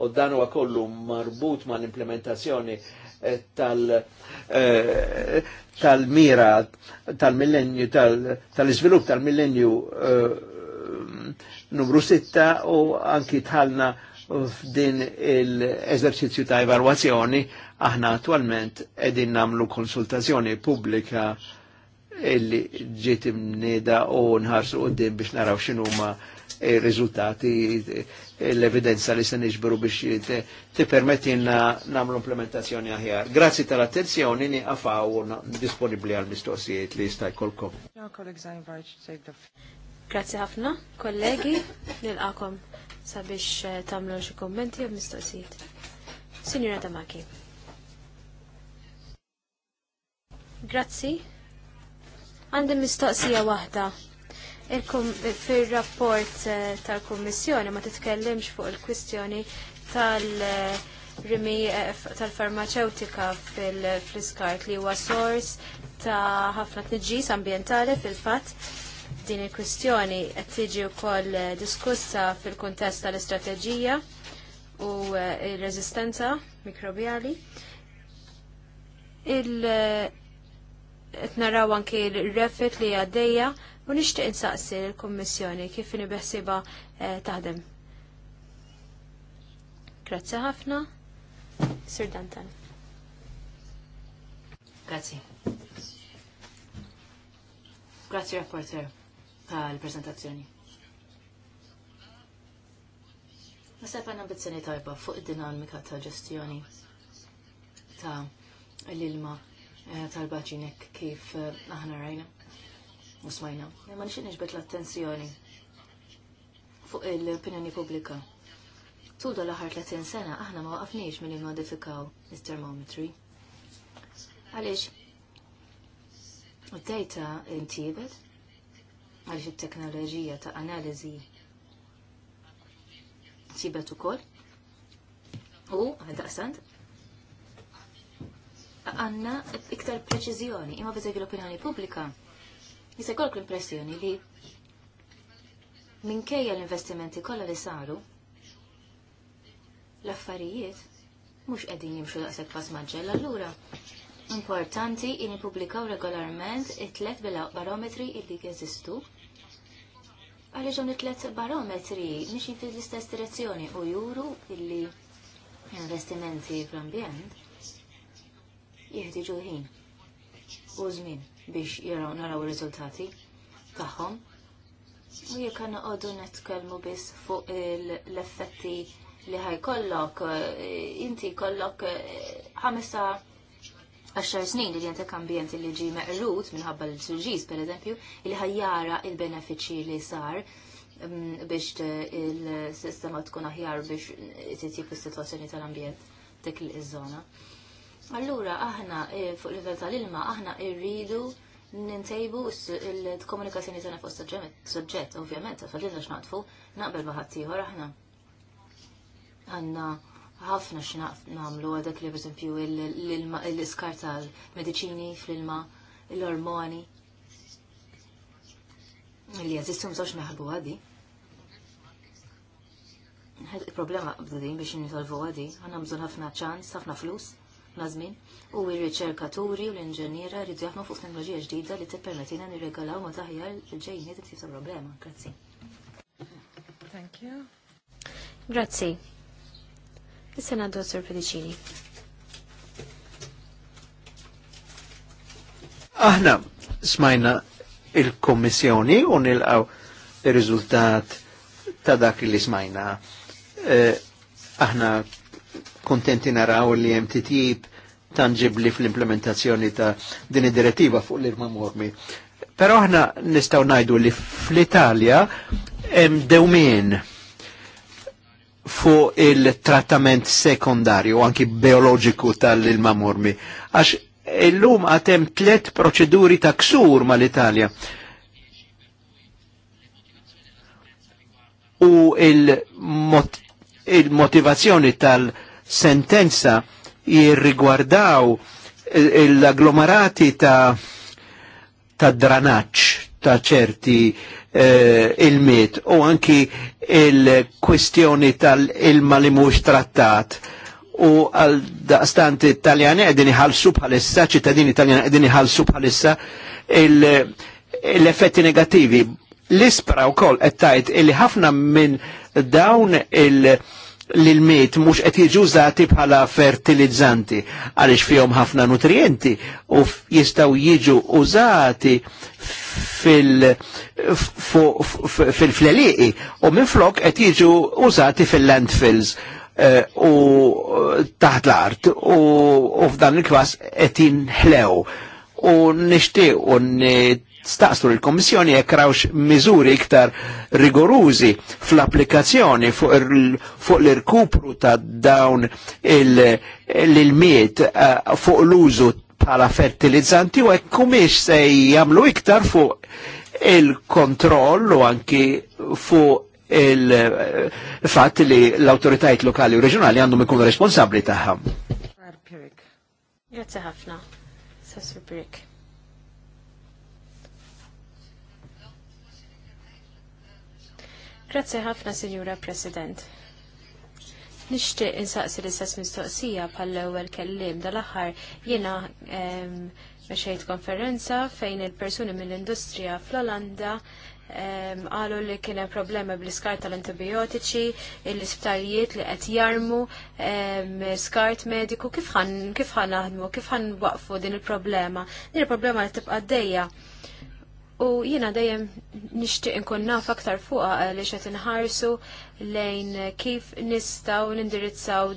U dan huwa kollu marbut ma' l-implementazzjoni eh, tal- mira tal-millenju tal-iżvilupp tal-millenju numru 6 u anki tħalna f'din l-eżerċizzju ta' evalwazzjoni aħna attualment edin namlu konsultazzjoni pubblika illi ġiet imnida u nħarsu u din biex naraw xinuma il rizultati l-evidenza li se niġbru biex ti permettina namlu implementazzjoni aħjar. Grazzi tal-attenzjoni ni għafaw disponibli għal mistoqsijiet li jistaj kolkom. Grazzi ħafna, kollegi, nil-għakom sabiex eh, tagħmlu xi kummenti jew mistoqsijiet. Sinjura Damaki. Grazzi. Għandi mistoqsija waħda. Fil-rapport eh, tal-Kummissjoni ma titkellimx fuq il-kwistjoni tal-rimi eh, tal-farmaceutika fil-fliskart li huwa sors ta' ħafna tniġġis ambjentali fil-fatt din il-kwistjoni qed tiġi wkoll eh, diskussa fil-kuntest tal-istrateġija u eh, r-reżistenza mikrobjali. Il eh, qed naraw anke r refit li għaddejja u nixtieq insaqsi l-Kummissjoni kif inibeħsiba taħdem. Grazzi ħafna. Sir Dantan. Grazzi. Grazzi, rapporteur tal-prezentazzjoni. sepp għanna bizzeni tajba fuq id-dinamika ta' ġestjoni ta' l-ilma eh, tal-baċinek kif eh, aħna rajna u smajna. Ma nixin nixbet l-attenzjoni fuq il-opinjoni pubblika. Tudu l ħar 30 sena aħna ma waqafniex mill modifikaw il-termometri. Għalix, u d-dejta intibet għal fit teknoloġija ta' analiżi sibet ukoll u għaldaqstant għanna iktar preċiżjoni imma biżeg l-opinjoni pubblika Jisa jkollok l-impressjoni li minkejja l-investimenti kollha li saru l-affarijiet mhux qegħdin jimxu daqshekk pass maġġel allura importanti in pubblikaw regolarment it-tlet bil barometri illi jeżistu Għalli dawn it-tlet barometri nixi fil-istess direzzjoni u juru illi investimenti fl-ambjent jihdi ħin u żmien biex jaraw naraw rizultati riżultati tagħhom. U jekk għandna qogħdu nitkellmu biss fuq l-effetti li kollok, eh, inti kollok eh, ħamesa għaxar snin li jentek kambjent li ġi meqrut minħabba l-sulġiż per eżempju, li ħajjara il-benefiċi li sar mm, biex il-sistema tkun aħjar biex titjib is-sitwazzjoni tal-ambjent dik iż-żona. Allura aħna eh, fuq livell tal-ilma aħna rridu nintejbu il-komunikazzjoni tagħna fuq soġġett, ovvjament, għax għax naqtfu naqbel maħadd ieħor aħna Għanna, ħafna x'naqt namlu għal dak li pereżempju l-iskar tal-mediċini fl-ilma, l-ormoni. Li jeżistu mżox naħbu għadi. Il-problema b'din biex nisolvu għadi, għanna bżon ħafna ċans, ħafna flus, nazmin, u r-riċerkaturi u l-inġeniera rridu jaħmu fuq teknoloġija ġdida li t-permetina nirregalaw ma taħjar il-ġejni tit problema. Grazzi. Thank you. Grazzi. Is-sena Dr. Pedicini. Aħna smajna il-Kommissjoni u nilqaw il-riżultat ta' dak li smajna. Eh, aħna kontenti naraw li hemm titjib tangibli fl-implementazzjoni ta' din id-direttiva fuq l-irma mormi. Pero aħna nistaw najdu li fl-Italja hemm dewmien fuq il-trattament sekundarju, anki biologiku tal il mamurmi Għax il-lum għatem tlet proċeduri ta' ksur mal-Italja. U il-motivazzjoni il tal-sentenza jirrigwardaw l-agglomerati ta', ta dranaċ ta' ċerti Eh, il-mit u anki il-kwistjoni tal-ilma li mhux trattat u għal daqstant italjani għedin iħalsu bħalissa, ċittadini italjani għedin iħalsu bħalissa l-effetti negativi. L-ispra u koll għettajt illi ħafna minn dawn il- l-miet mux qed jiġu użati bħala fertilizzanti għaliex fihom ħafna nutrienti u jistaw jiġu użati fil-fleliqi u minflok flok qed jiġu użati fil-landfills eh, u eh, taħt l-art u f'dan il-kwas qed jinħlew u nixtieq u lill l-Komissjoni rawx miżuri iktar rigorużi fl-applikazzjoni fuq l-irkupru ta' dawn il miet eh, fuq l-użu bħala fertilizzanti u hekk kumiex se jagħmlu iktar fuq il-kontroll u anki fuq il-fatt eh, li l-autoritajiet lokali u reġjonali għandhom ikunu responsabbli tagħha. Grazie ħafna, Sassur Pirik. Grazie ħafna, Signora President. Nixtieq insaqsi l-istess mistoqsija pal-ewwel kellim dal-aħħar jiena mexejt konferenza fejn il-persuni mill-industrija fl-Olanda għalu li kien hemm problema bl-iskart tal-antibiotiċi, l-isptarijiet li qed jarmu, skart mediku, kif ħan naħdmu, kif ħan waqfu din il-problema. Din il-problema li tibqa' dejja. U jiena dejjem nixtieq inkun naf aktar fuqha li qed inħarsu lejn kif nistgħu nindirizzaw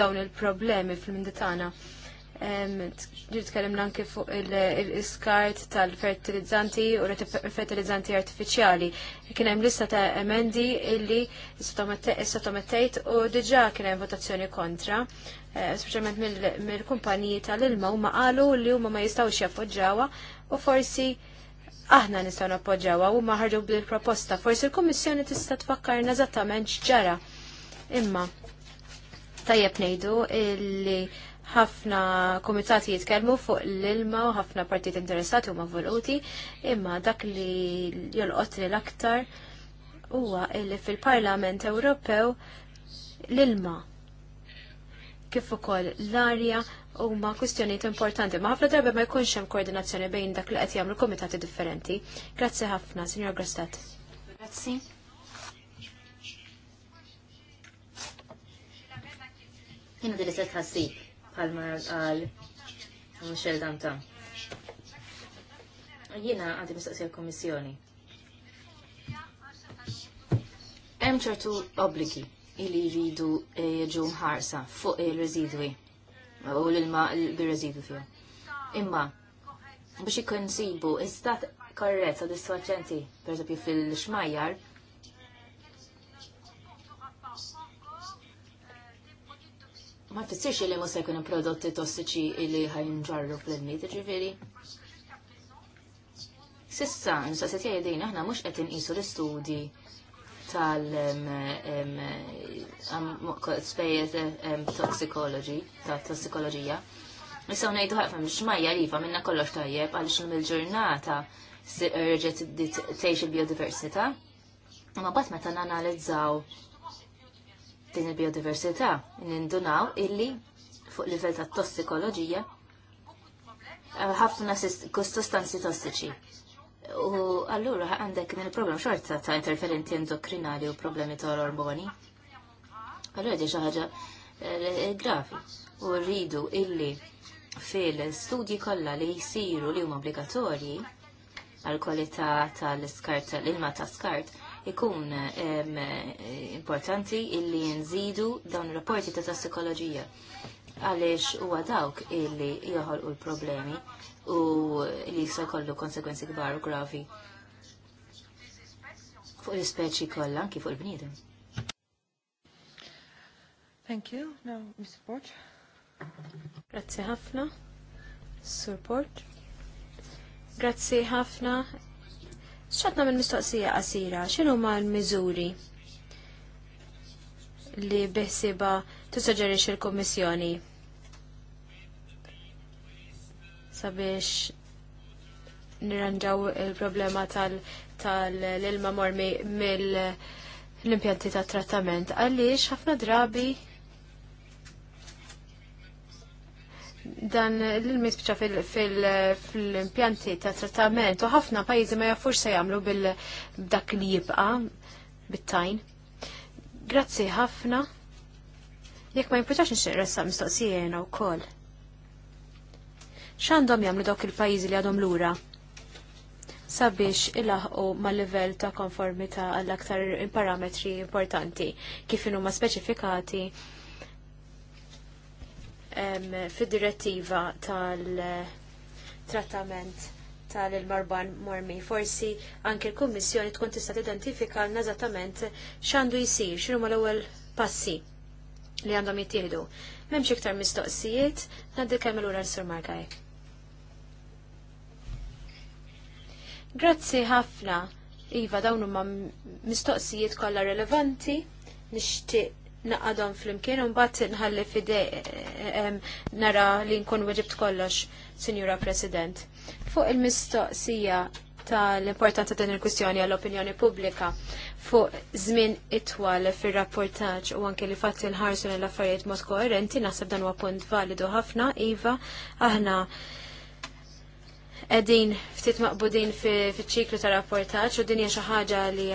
dawn il-problemi fil-mindi tagħna. Tkellimna anke fuq il-iskart tal-fertilizzanti u fertilizzanti artifiċjali. Kien hemm lista ta' emendi illi sottomettejt u diġà kien hemm votazzjoni kontra, eh, speċjalment mill-kumpaniji tal-ilma huma qalu li huma ma jistgħux jappoġġawha u forsi aħna nistgħu nappoġġawha u ħarġu bil-proposta. Forsi l-Kummissjoni tista' tfakkarna eżattament x'ġara. Imma tajjeb ngħidu li ħafna komitati jitkellmu fuq l-ilma u ħafna partit interessati huma voluti, imma dak li jolqot li l-aktar huwa li fil-Parlament Ewropew l-ilma kif ukoll l-arja huma kwistjonijiet importanti, ma ħafna darba ma jkunx hemm koordinazzjoni bejn dak li qed jagħmlu komitati differenti. Grazzi ħafna, Sinjor Grostat. Grazzi. Jena dil set ħassib bħalma għal Michel Danta. Jiena għandi mistoqsija l-Kommissjoni. Hemm ċertu obbligi li jridu jiġu eh, mħarsa fuq il-residwi u l-ilma l rezidu fija. Imma, biex ikunsibu sibu, istat korret, soddisfaċenti, per esempio fil-xmajjar, ma fissirx li ma se jkunu prodotti tossiċi li ħajn ġarru fl mid ġifiri. Sissa, nsa se tjaj aħna mhux mux qed inqisu l-istudji tal-spejjeż toxicology, tal-toxikoloġija. Issa ngħidu ħafna mhix majja li fa minna kollox tajjeb għaliex mill-ġurnata rġet tgħix il-biodiversità. Ma bad meta nanalizzaw din il-biodiversità, nindunaw illi fuq livell ta' tossikoloġija eh, ħafna sustanzi tossiċi U allura għandek din il-problem xorta ta' interferenti endokrinali u problemi ta' ormoni. Allura di ħaġa eh, gravi. U rridu illi fil-studji kollha li jsiru li huma obbligatorji għal kwalità tal-iskart tal-ilma ta' skart ikun importanti illi nżidu dawn rapporti ta' tassikoloġija għaliex huwa dawk illi joħolqu l-problemi u li jista' jkollu konsekwenzi kbar u gravi fuq l-ispeċi kollha anki fuq il-bniedem. Thank you. Now, Mr. Port. Grazie ħafna. Sir Port. Grazie ħafna. Xatna minn mistoqsija qasira, xinu ma l-miżuri li biħsiba tussagġerix il-Kummissjoni sabiex nirranġaw il-problema tal-ilma tal mormi mill-impjanti ta' trattament. Għaliex ħafna drabi dan l-misbċa fil-impjanti ta' trattament u ħafna pajizi ma jaffux se jamlu bil-dak li jibqa bit-tajn. Grazzi ħafna. Jekk ma jimputax nxirressa mistoqsijena u koll x'għandhom jagħmlu dok il-pajjiżi li għadhom lura sabiex ilaħqu mal livell ta' konformità għall-aktar parametri importanti kif ma' speċifikati fid-direttiva tal-trattament tal-marban mormi. Forsi anke l-Kummissjoni tkun tista' tidentifika eżattament x'għandu jsir, ma' l-ewwel passi li għandhom jittieħdu. M'hemmx iktar mistoqsijiet, ngħaddi kemm l-ura l-Sur Margaj. Grazzi ħafna. Iva, dawn huma mistoqsijiet kollha relevanti, nixtieq naqadhom flimkien u mbagħad nħalli fide nara li nkun weġibt kollox, Sinjura President. Fuq il-mistoqsija tal-importanza din il-kwistjoni għall-opinjoni pubblika fuq żmien itwal fir-rapportaġġ u anke li fatt il-ħarsu l-affarijiet mod koerenti naħseb dan huwa punt validu ħafna, Iva, aħna edin ftit maqbudin fiċ-ċiklu ta' rapportaċ u dinja xi ħaġa li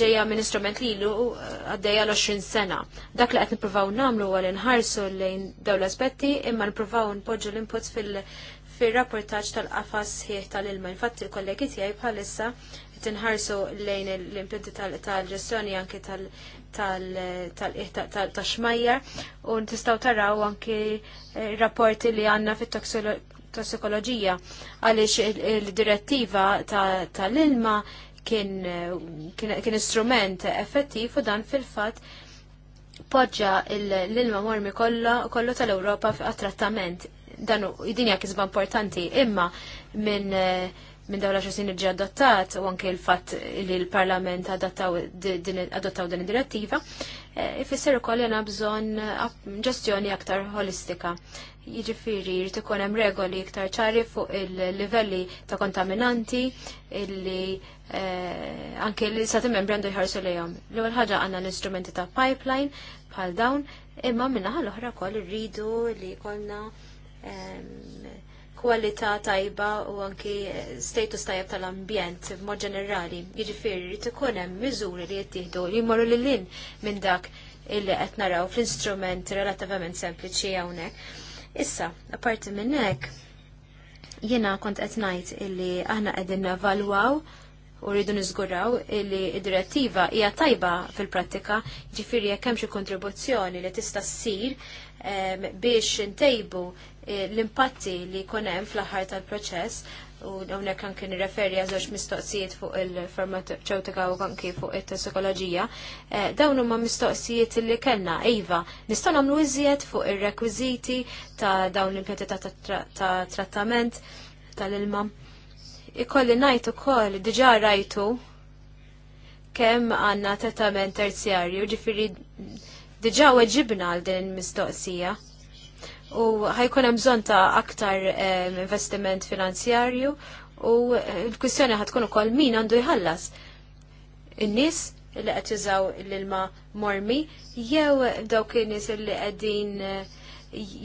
ġejja minn instrument li lu uh, għaddejja l-20 sena. Dak li qed nippruvaw nagħmlu għal li nħarsu lejn dawn l-aspetti imma niprofaw npoġġu l-inputs fil-rapportaġġ tal-qafas ħieħ tal-ilma. Infatti l kollegi tiegħi bħalissa tinħarsu lejn l-impinti tal-ġestjoni anki tal-xmajjar u tistaw taraw anki eh, rapporti li għanna fit tosikoloġija għaliex il-direttiva tal-ilma kien istrument effettiv u dan fil-fatt poġġa l-ilma mormi kollu tal-Ewropa għat-trattament. Dan id-dinja kisba importanti imma minn minn dawla xosin irġi adottat u anke l-fatt li l-Parlament adottaw din id-direttiva, eh, ifisser ukoll jena bżon ġestjoni aktar holistika. Jiġifieri jrid ikun hemm regoli iktar ċari fuq il-livelli ta' kontaminanti illi eh, anke li sa' membri għandu jħarsu lejhom. L-ewwel ħaġa għandna l-istrumenti ta' pipeline bħal dawn, imma minnaħa l-oħra wkoll irridu li jkollna ehm, kwalità tajba u anke eh, status tajjeb tal-ambjent b'mod ġenerali. Jiġifieri jrid ikun hemm miżuri li jittieħdu li jmorru lil minn dak illi qed naraw fl-instrument relattivament sempliċi hawnhekk. Issa, apparti minn hekk, jiena kont qed ngħid illi aħna qegħdin navalwaw u rridu niżguraw illi id-direttiva hija tajba fil-prattika, ġifieri jekk hemm xi kontribuzzjoni li tista' ssir biex ntejbu eh, l-impatti li jkun hemm fl-aħħar tal-proċess, u hawnhekk kan nirreferi għal żewġ mistoqsijiet fuq il-farmaceutika u anke fuq it-tosikoloġija. Eh, dawn huma mistoqsijiet li kellna iva, nistgħu nagħmlu iżjed fuq ir-rekwiżiti ta' dawn l impjati ta' trattament tal-ilma. Ikolli ngħid ukoll diġa rajtu kemm għandna trattament terzjarju, ġifiri diġà weġibna għal din il-mistoqsija u ħajkun hemm bżonn ta' aktar investiment finanzjarju u eh, l-kwistjoni ħatkun ukoll min għandu jħallas. In-nies li qed jużaw l-ilma mormi jew dawk in-nies li qegħdin eh,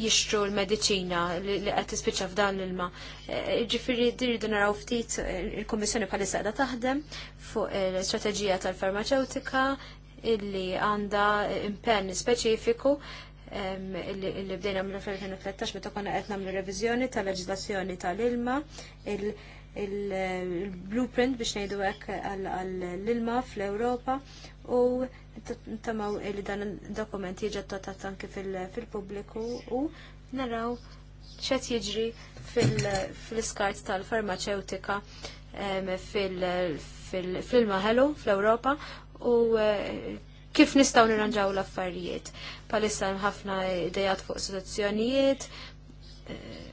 jixtru l-medicina li qed tispiċċa f'dan l-ilma. Eh, Ġifieri diridu naraw ftit il-Kummissjoni bħalissa qiegħda taħdem fuq l-istrateġija tal-farmaceutika illi għandha impenn speċifiku li bdejna mill-2013 meta konna qed nagħmlu reviżjoni tal-leġislazzjoni tal-ilma, il-blueprint biex ngħidu hekk għall-ilma fl-Ewropa u tamaw li dan id dokument jiġi attattat anke fil-pubbliku u naraw x'qed jiġri fl iskart tal-farmaceutika fil ħelu fl-Ewropa u kif nistaw nirranġaw l-affarijiet. Palissa ħafna idejat fuq soluzzjonijiet eh,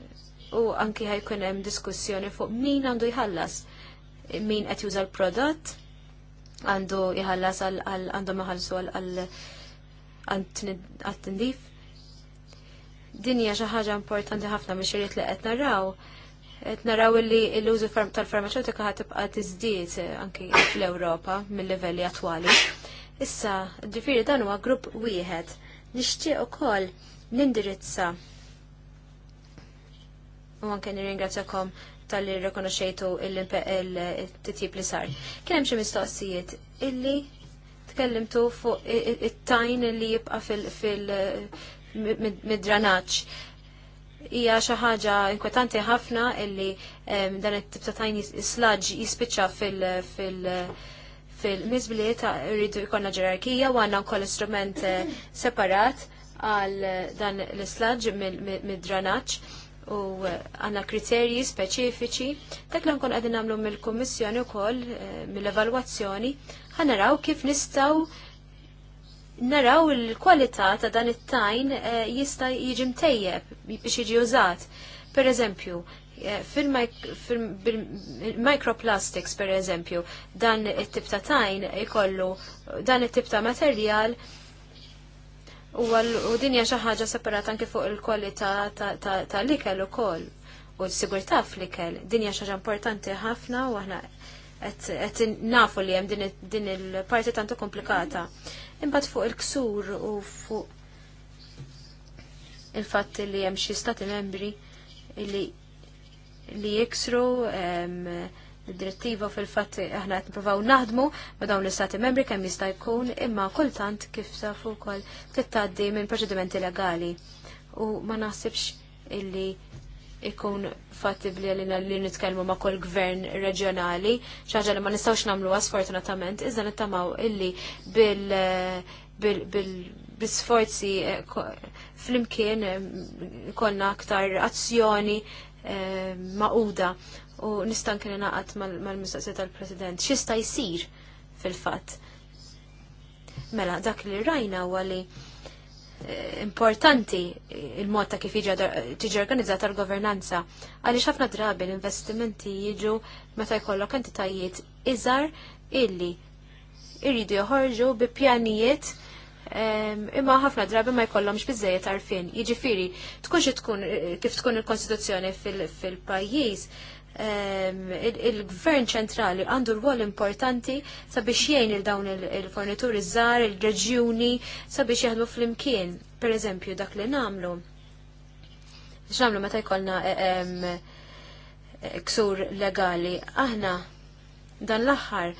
u anki ħajkun hemm diskussjoni fuq min għandu jħallas, min qed juża l-prodott, għandu jħallas għal għandu maħallsu għal għal tindif Din hija xi ħaġa importanti ħafna mixiriet li qed naraw qed naraw li l-użu tal-farmaceutika ħad tibqa' tiżdied eh, anki fl-Ewropa mill-livelli attwali Issa, ġifiri dan huwa grupp wieħed. Nixtieq ukoll nindirizza u anke nirringrazzjakom tal-li rikonoxxejtu il-titjib li sar. Kien hemm xi mistoqsijiet illi tkellimtu fuq it-tajn li jibqa' fil-midranaġġ. Hija xi ħaġa inkwetanti ħafna illi dan it-tibta tajn islaġġ jispiċċa fil- fil-mizbliet rridu jkollna ġerarkija u għandna wkoll instrument eh, separat għal eh, dan l-islaġġ mid-dranaġġ u eh, għanna kriterji speċifiċi. Dak li nkun qegħdin nagħmlu mill-Kummissjoni wkoll mill-evalwazzjoni ħa naraw kif nistgħu naraw il-kwalità ta' dan it-tajn jista' jiġi mtejjeb biex jiġi użat. Per eżempju, Eh, Fil-microplastics, per eżempju, dan it-tip ta' tajn ikollu dan it-tip ta' materjal u dinja xi ħaġa separata anke fuq il-kwalità tal-ikel ukoll u s-sigurtà fl-ikel. Dinja xi ħaġa importanti ħafna u aħna qed nafu li hemm din il-parti tantu komplikata. Imbagħad fuq il-ksur u fuq il-fatt li hemm xi stati membri li li jiksru direttiva fil-fatt aħna qed nippruvaw naħdmu ma' dawn l-istati membri kemm jista' jkun imma kultant kif safu wkoll tittaddi minn proċedimenti legali. U ma naħsibx illi ikun fattibli li nitkellmu ma' kol gvern reġjonali, xaġa li ma nistgħux nagħmluha sfortunatament, iżda nittamaw illi bil bil-sforzi eh, fl-imkien eh, konna aktar azzjoni Eh, maquda u nistan kien naqat mal-mistoqsija tal-President. Xista jsir fil-fatt? Mela, dak li rajna u għali eh, importanti il-mod ta' kif tiġi organizzata l-governanza għaliex ħafna drabi l-investimenti jiġu meta jkollok entitajiet iżar illi irridu joħorġu bi pjanijiet imma ħafna drabi ma jkollhomx biżejjed għarfien. Jiġifieri tkunx tkun kif tkun il-Kostituzzjoni fil-pajjiż, il-Gvern ċentrali għandu rwol importanti sabiex jgħin il-dawn il-fornituri żgħar, il-reġjuni, sabiex jaħdmu fl-imkien, per eżempju, dak li nagħmlu, X'namlu meta jkollna ksur legali, aħna dan l-aħħar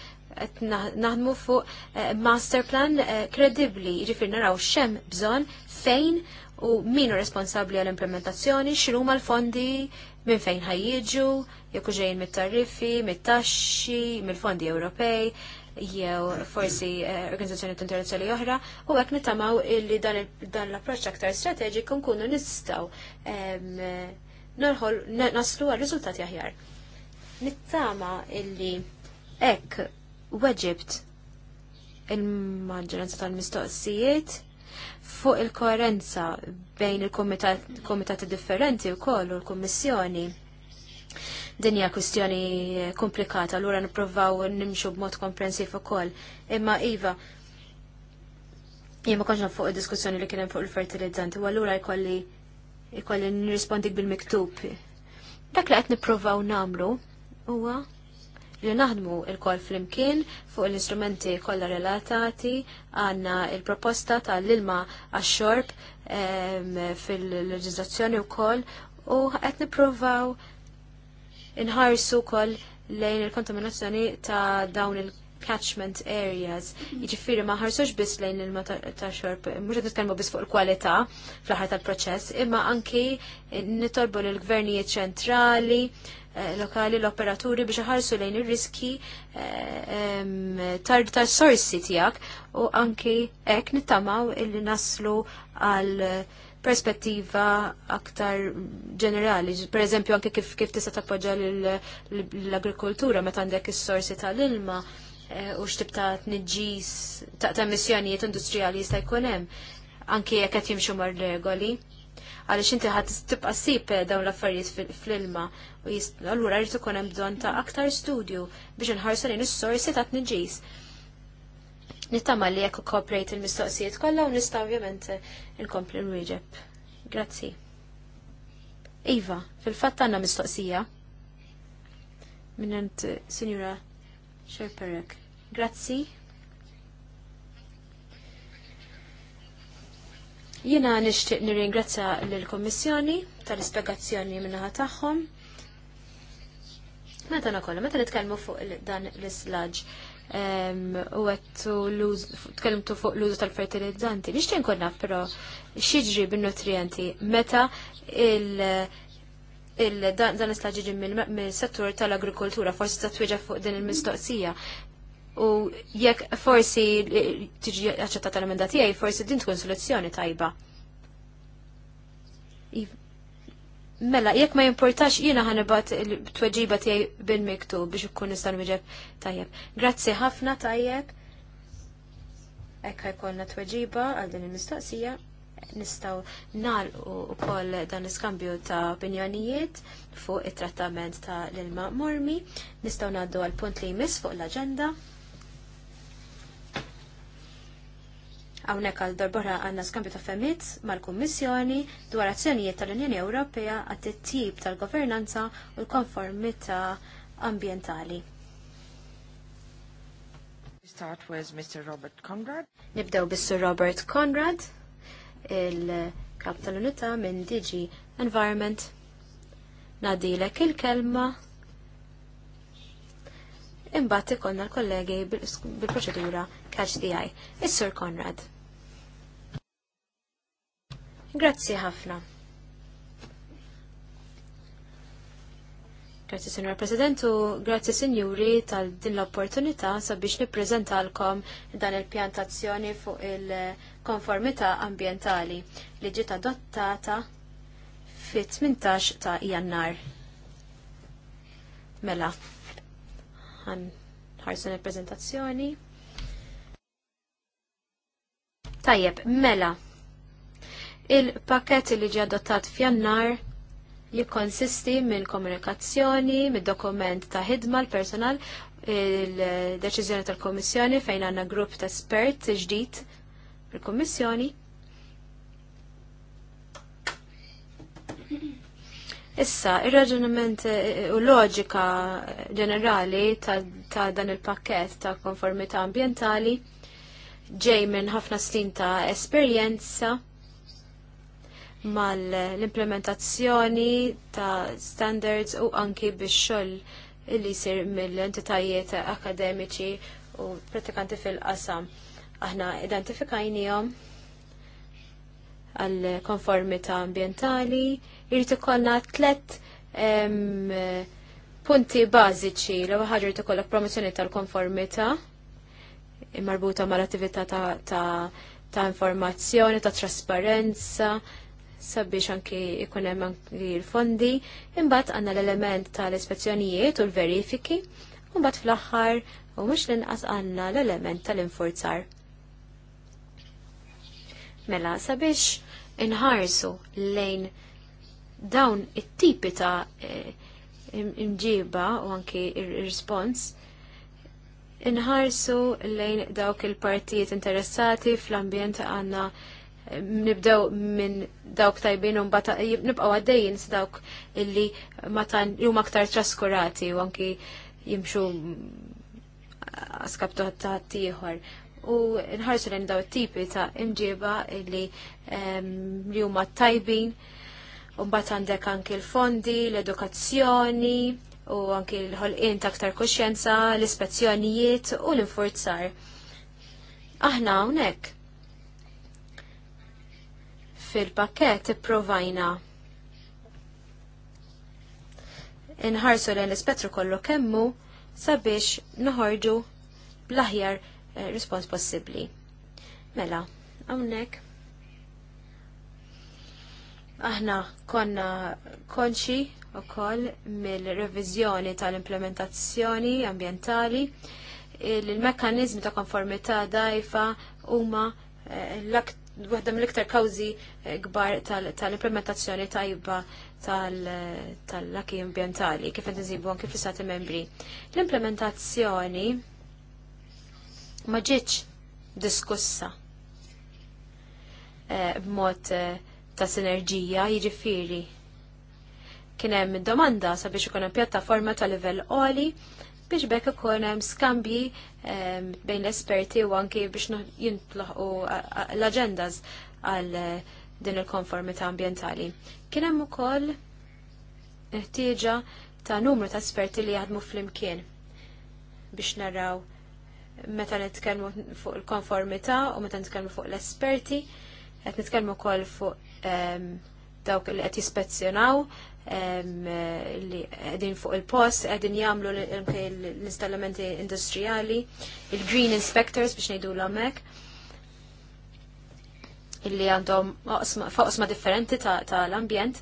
naħdmu fuq eh, master plan eh, kredibli, ġifir naraw xem bżon fejn u minu responsabli għal-implementazzjoni, ma l-fondi minn fejn ħajjiġu, jekk ġejjin mit-tariffi, mit-taxxi, mill-fondi Ewropej, jew forsi eh, organizzazzjoni internazzjonali oħra, u hekk nittamaw li dan l-approċċ aktar strateġiku nkunu nistgħu naslu għal rizultati aħjar. Nittama illi hekk weġibt il-maġġoranza tal-mistoqsijiet fuq il-koerenza bejn il-komitati differenti u koll u l-kommissjoni. Din hija kwistjoni komplikata, allura nippruvaw nimxu b'mod komprensiv ukoll. Imma iva, jien ma fuq id-diskussjoni li kien hemm fuq il-fertilizzanti, u allura jkolli jkolli nirrispondik bil-miktub. Dak li qed nippruvaw nagħmlu huwa li naħdmu il koll fl-imkien fuq l-istrumenti kollha relatati għanna il-proposta tal-ilma għax-xorb fil-leġizzazzjoni wkoll u qed nippruvaw inħarsu wkoll lejn il-kontaminazzjoni ta' dawn il- catchment areas. Jiġifieri ma ħarsux biss lejn ilma ta' xorb, mhux qed nitkellmu biss fuq il-kwalità fl-aħħar tal-proċess, imma anki nitolbu lill gvernijiet ċentrali, eh, lokali l-operaturi biex ħarsu lejn ir-riski eh, tar-sorsi tiegħek u anki hekk nittamaw illi naslu għal perspettiva aktar ġenerali, per eżempju anke kif, kif tista' tappoġġa l-agrikoltura meta għandek is-sorsi tal-ilma, Eh, u xtib ta' t-nġis ta' emissjonijiet industrijali jista' jkun hemm anki jekk qed jimxu mar-regoli. Għaliex inti ħadd tibqa' sib eh, dawn l-affarijiet fl-ilma u allura jrid ikun hemm bżonn ta' aktar studju biex inħarsu lejn is-sorsi ta' tniġis. Nittama li jekk ikkoprejt il-mistoqsijiet kollha u nista' ovvjament eh, inkompli nwieġeb. Grazzi. Iva, fil-fatt għandna mistoqsija. Minnant, Sinjura Xerperek. Grazzi. Jina nishtiq nirringrazzja l komissjoni tal ispegazzjoni minnaħa tagħhom. Meta nakollu, meta nitkellmu fuq dan l-islaġġ u għettu tkellimtu fuq l-użu tal-fertilizzanti. nishtiq nkunna, pero però xiġri bin-nutrienti meta il- dan istaġiġi mill-settur tal-agrikoltura, forsi ta' twieġa fuq din il-mistoqsija. U jekk forsi tiġi aċċettata l-emenda tiegħi, forsi din tkun soluzzjoni tajba. Mela, jekk ma jimportax jiena ħanibat t tweġiba tiegħi bil-miktub biex ikun nista' nwieġeb tajjeb. Grazzi ħafna tajjeb. Ekk t tweġiba għal din il-mistoqsija nistaw nal u koll dan iskambju ta' opinjonijiet fuq it-trattament ta' l-ilma mormi. Nistaw naddu għal punt li jmiss fuq l-agenda. Għawnek għal darbora għanna skambju ta' femmit mal-Kommissjoni dwar azzjonijiet tal-Unjoni Ewropea għat tip tal-governanza u l-konformita ambientali. Start with Mr. Robert Conrad. Nibdew bis Robert Conrad il-kap tal-unità minn DG Environment. Nadilek il-kelma Imbagħad ikollna l-kollegi bil-proċedura catch the eye. Is-Sur Konrad. Grazzi ħafna. Grazzi Signor President u grazzi Sinjuri tal din l-opportunità sabiex nippreżentalkom dan il-pjantazzjoni fuq il- konformità ambientali li ġiet adottata fi 18 ta' jannar. Mela, għan ħarsu il-prezentazzjoni. Tajjeb, mela, il-pakket li ġi adottat f'jannar jikkonsisti minn komunikazzjoni, minn dokument ta' ħidma l-personal, il-deċiżjoni tal-Komissjoni fejn għandna grupp ta' espert ġdid il-Kommissjoni. Issa, il-raġunament eh, u loġika ġenerali ta', dan il-pakket ta' konformità ambientali ġej minn ħafna snin ta' esperjenza mal-implementazzjoni ta' standards u anki biex xogħol li jsir mill-entitajiet akademiċi u pratikanti fil-qasam. Aħna jom għal konformita ambientali, irrit ikollna tlet punti bażiċi l ħaġa irrit ikollok promozjoni tal-konformita marbuta mal-attività ta', ta, ta informazzjoni, ta' trasparenza, sabiex anki ikun hemm anki l-fondi, imbagħad għandna l-element tal-ispezzjonijiet u l-verifiki, u mbagħad fl-aħħar u mhux l-inqas għandna l-element tal-infurzar. Mela, sabiex inħarsu lejn dawn it-tipi ta' eh, imġiba u anki ir-respons, inħarsu lejn dawk il-partijiet interessati fl-ambjent għanna eh, nibdew minn dawk tajbin u mbata nibqaw għaddejjin dawk illi matan jum aktar traskurati u anki jimxu għaskabtu għattijħor u nħarsu lejn daw it-tipi ta' imġieba li li huma tajbin u mbagħad għandek anki l-fondi, l-edukazzjoni u anki l-ħolqien ta' aktar kuxjenza, l-ispezzjonijiet u l-infurzar. Aħna hawnhekk fil-pakket provajna inħarsu lejn l-ispettru kollu kemmu sabiex noħorġu bl-aħjar Eh, rispons possibbli. Mela, hawnhekk aħna konna konxi wkoll mill-reviżjoni tal-implementazzjoni ambjentali il mekanizmi ta' konformità dajfa huma eh, waħda mill-iktar kawżi eh, kbar tal-implementazzjoni tajba tal-laki ambientali kif qed nżibu kif fl membri. L-implementazzjoni ma ġietx diskussa eh, b'mod eh, ta' sinerġija jiġifieri kien hemm domanda sabiex ikun hemm pjattaforma ta' livell qoli biex bekk ikun hemm skambji eh, bejn l-esperti u anki biex jintlaħqu l-agendas għal din il-konformità ambjentali. Kien hemm ukoll ħtieġa ta' numru ta' esperti li jaħdmu flimkien biex naraw meta nitkellmu fuq il-konformità u meta nitkellmu fuq l-esperti, qed nitkellmu wkoll fuq ehm, dawk li qed jispezzjonaw ehm, li qegħdin fuq il-post, qegħdin jagħmlu l-installamenti industrijali, il-green inspectors biex ngħidu l-hemmhekk illi għandhom faqsma differenti ta' l-ambjent.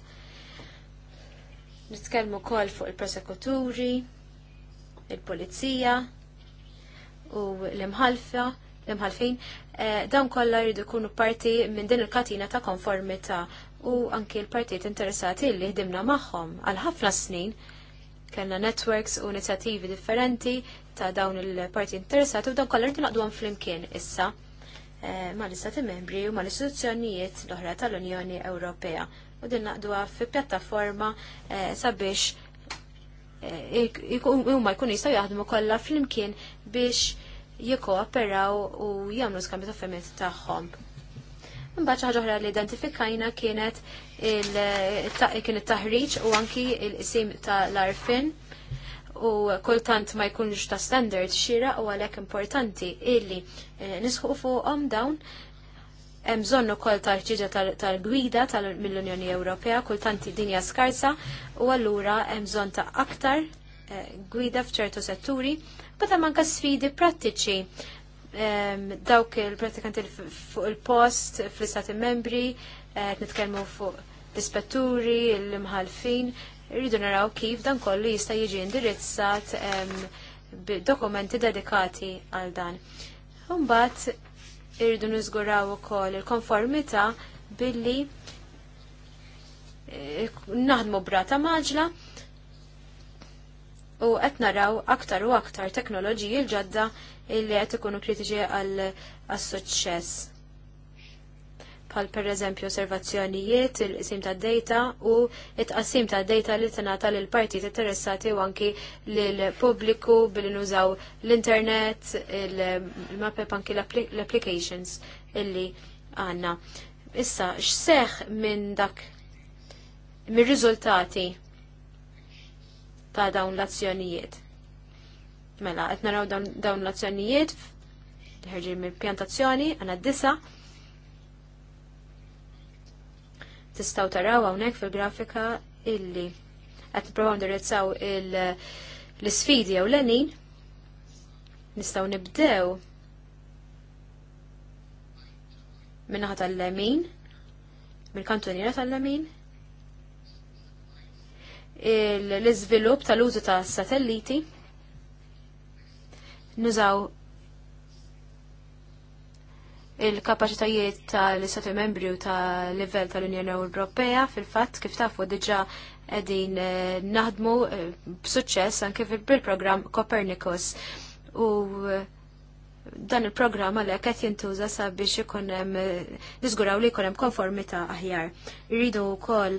Nitkellmu wkoll fuq il-prosekuturi, il-polizija, u l-imħalfa, l-imħalfin, eh, dan kollha jridu jkunu parti minn din il-katina ta' konformità u anki l-partijiet interessati li ħdimna magħhom għal ħafna snin kellna networks u inizjattivi differenti ta' dawn il-parti interessati u dan kolla rridu naqdu flimkien issa eh, ma' l-istati membri u ma' l-istituzzjonijiet l-oħra tal-Unjoni Ewropea u din naqdu fi pjattaforma eh, sabiex huma jkun jistgħu jaħdmu kollha flimkien biex jikooperaw u jagħmlu skambi ta' femmet tagħhom. Imbagħad xi oħra li identifikajna kienet kien it-taħriġ u anki l-isim tal-arfin u kultant ma jkunx ta' standard xira u għalhekk importanti illi eh, nisħu fuqhom dawn hemm bżonn ukoll tal-ġiġa tal-gwida tal mill-Unjoni Ewropea kultanti dinja skarsa u allura hemm bżonn ta' aktar eh, gwida f'ċertu setturi, bada manka sfidi prattiċi dawk il-pratikanti fuq il-post fl-istati membri, eh, qed nitkellmu fuq l-ispetturi, l-imħalfin, rridu naraw kif dan kollu jista' jiġi indirizzat dokumenti dedikati għal dan. Umbat, irridu niżguraw ukoll il-konformità billi eh, naħdmu brata maġla u qed naraw aktar u aktar teknoloġiji l-ġodda illi qed ikunu kritiċi għal suċċess bħal per eżempju osservazzjonijiet, il-qsim ta' data u it-qasim ta' data li tingħata lil partit interessati u anki l pubbliku billi nużaw l-internet, il mappe anki l-applications illi għanna. Issa, x'seħ minn dak mir-riżultati ta' dawn l-azzjonijiet. Mela, qed naraw dawn, l-azzjonijiet ħerġi mill pjantazzjoni d disa' Tistaw taraw hawnhekk fil-grafika illi qed nipprovaw ndirizzaw l-isfidi jew l-għenin nistgħu nibdew minnaħa tal-lemin, mill-kantoniera tal-lemin, l-izvilup tal-użu ta' satelliti, nużaw il-kapacitajiet tal-Istati Membri u tal-livell tal-Unjoni Ewropea fil-fatt kif tafu diġa edin eh, naħdmu eh, b'suċċess anke bil-programm Copernicus u eh, dan il-programm għalhekk qed jintuża sabiex ikun hemm niżguraw li jkun hemm konformità aħjar. Irridu wkoll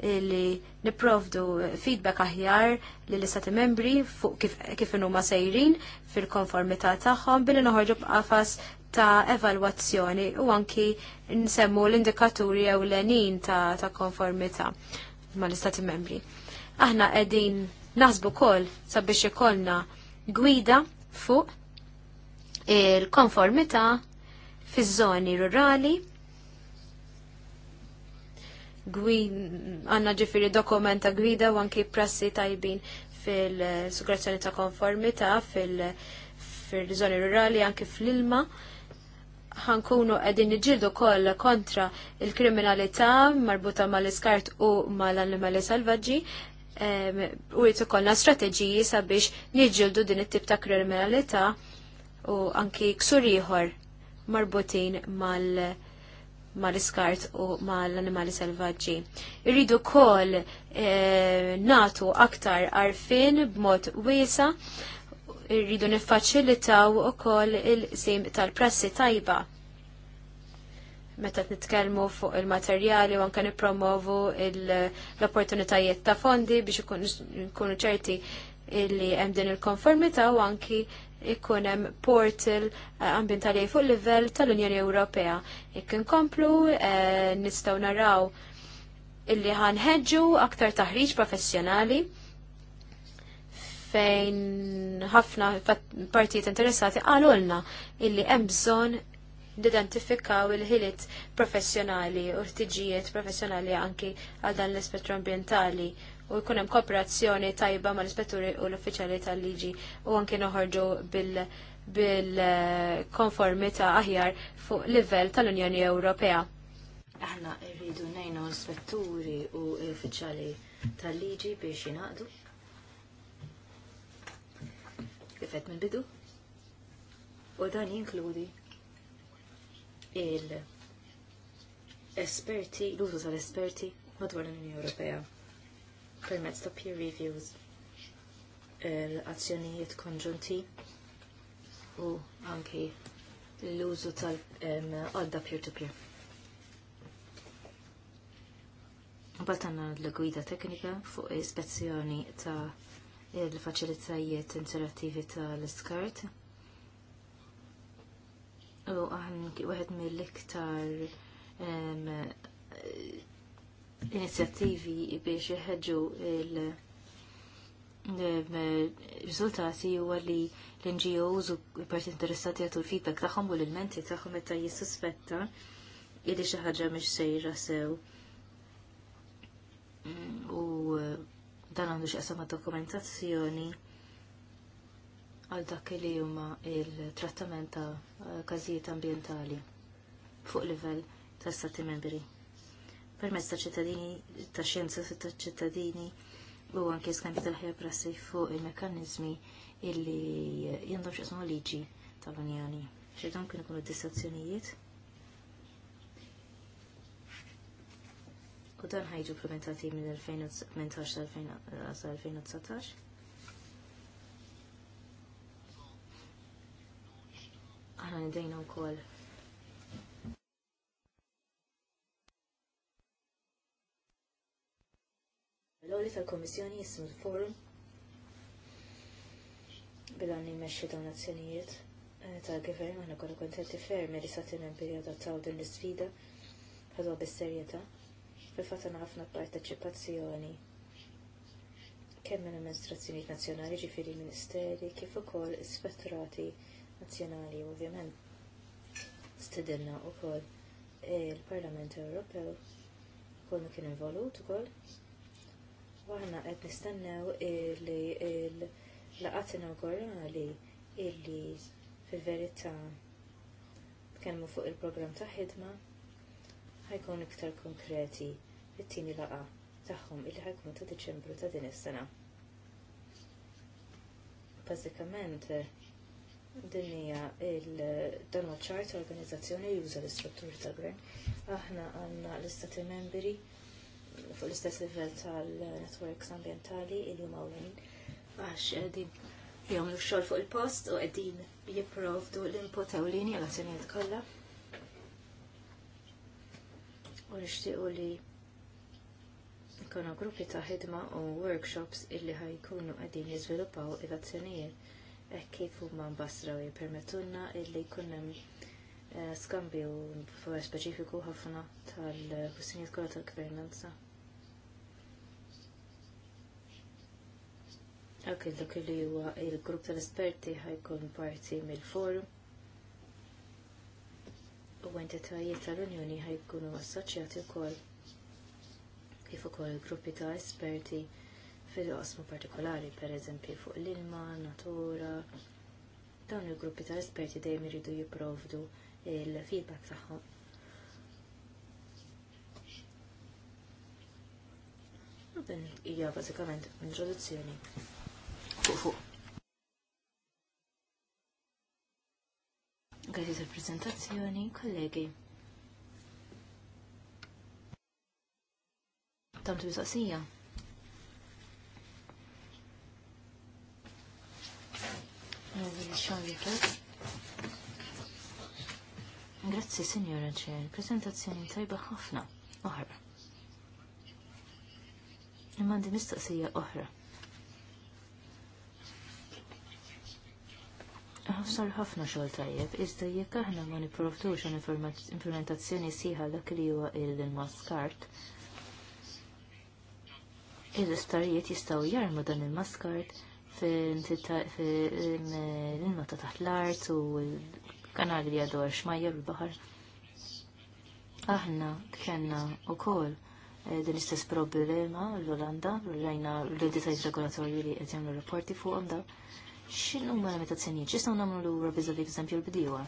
li niprovdu feedback aħjar li l-istati membri fuq kif, kif huma sejrin fil-konformità tagħhom billi noħorġu b'qafas ta' evalwazzjoni u anki nsemmu l-indikaturi l-enin ta', ta konformità mal-Istati membri. Aħna qegħdin naħsbu kol sabiex ikollna gwida fuq il-konformità fiż-żoni rurali għanna ġifiri dokumenta gwida u anki prassi tajbin fil-sugrazzjoni ta' konformita fil-żoni rurali anki fl-ilma ħankunu qegħdin nġildu koll kontra il-kriminalità marbuta mal-iskart u mal-annimali salvaġġi u jrid ikollna strateġiji sabiex niġġieldu din it-tip ta' kriminalità u anki ksur ieħor marbutin mal- mal-iskart u mal-animali selvaġġi. Irridu kol e, eh, natu aktar arfin b'mod wiesa' rridu niffaċilitaw ukoll il-sim tal-prassi tajba. Meta nitkellmu fuq il-materjali u anke nippromovu l-opportunitajiet ta' fondi biex ikunu ċerti li hemm din il-konformità u anki ikun hemm portal eh, ambientali fuq livell tal-Unjoni Ewropea. Ikun komplu eh, nistgħu naraw illi ħanħeġġu aktar taħriġ professjonali fejn ħafna partijiet interessati għalulna illi hemm bżonn identifikaw il-ħiliet professjonali u l-tiġijiet professjonali anki għal dan l-ispettru ambientali u jkun hemm kooperazzjoni tajba mal ispetturi u l-uffiċjali tal-liġi u anki noħorġu bil- bil-konformita aħjar fuq livell tal-Unjoni Ewropea. Aħna rridu nejnu l-ispetturi u l-uffiċjali tal-liġi biex jinaqdu kifet minn bidu. U dan jinkludi il-esperti, l-użu tal-esperti madwar l-Unjoni Ewropea permezz ta' peer reviews l-azzjonijiet eh, konġunti u anki l-użu tal-għadda peer-to-peer. Mbagħad l-gwida teknika fuq ispezzjoni ta' il-faċilitajiet interattivi tal-iskart. U għan għed mill-iktar inizjattivi biex jħedġu il- Rizultati huwa li l-NGOs u parti interessati għatu l-feedback tagħhom u l-menti tagħhom meta jissuspetta li xi ħaġa sejra sew. U dan għandu ma' dokumentazzjoni għal dak li huma il-trattament ta' każijiet ambjentali fuq livell ta' stati membri. Permezz ta' ċittadini ta' xjenza ta' ċittadini u anke skambju tal-ħajja prassi fuq il-mekkaniżmi illi jandhom x'qasmu liġi tal-Unjoni. Xi dawn kienu distazzjonijiet u dan ħajġu implementati minn 2018 2019. Aħna u wkoll L-għoli tal-Komissjoni jismu l-Forum bil-għanni meċċi donazzjonijiet tal-Gvern għanna kolla kontenti fermi li satin għan periodu taw din l-sfida għadu bis-serjeta fil-fatana ħafna parteċipazzjoni kemm minn amministrazzjonijiet nazzjonali ġifieri ministeri kif ukoll ispettorati nazzjonali ovvjament stidilna wkoll il-Parlament Ewropew ukoll kien involut ukoll u aħna qed nistennew li l-laqat inaugurali illi fil-verità kemmu fuq il-programm ta' ħidma ħajkun iktar konkreti fit tieni laqa tagħhom illi ħajkun ta' Diċembru ta' din is-sena. Bażikament din hija dan huwa ċart organizzazzjoni juża l-istrutturi ta' gvern Aħna għandna l-istati membri fuq l-istess livell tal-networks ambjentali il huma hawnhekk għax qegħdin jagħmlu x-xogħol fuq il-post u qegħdin jipprovdu l-input ewlieni għal azzjonijiet kollha u nixtiequ li ikonu gruppi ta' ħidma u workshops illi ħajkunu qegħdin jiżviluppaw il-azzjonijiet hekk kif huma mbassraw jippermettulna illi jkun hemm eh, skambju fuq speċifiku ħafna tal-kwistjonijiet kollha tal-gvernanza. Għak il-dak li huwa il-grupp tal-esperti ħajkun parti mill-forum u entitajiet tal-Unjoni ħajkunu assoċjati wkoll kif ukoll gruppi ta' esperti fil-qosma partikolari, pereżempju fuq l-ilma, natura. Dawn il-gruppi ta' esperti dejjem iridu jipprovdu l feedback tagħhom. Hija bażikament introduzzjoni fuq fuq Grazie tal prezentazzjoni, kollegi. Tamtu bisoqsija. Grazzi, signora ċer. Prezentazzjoni tajba ħafna. Oħra. Imma mistaqsija mistoqsija oħra. ħafsar ah, ħafna xogħol tajjeb, iżda jekk aħna ma nipprovdux għan implementazzjoni siħa dak li huwa il-maskart, il-istarijiet jistgħu jarmu dan il-maskart fil-ilma ta' taħt l-art u l-kanali li għadu xmajja bil bahar Aħna kena u kol eh, din istess problema l-Olanda, rajna l-editajt regolatorju li għedjem l-rapporti fuq għanda. X'inhu ma limitazzjonijiet? X'istgħu nagħmlu lura biża l-eżempju l-bdiewa?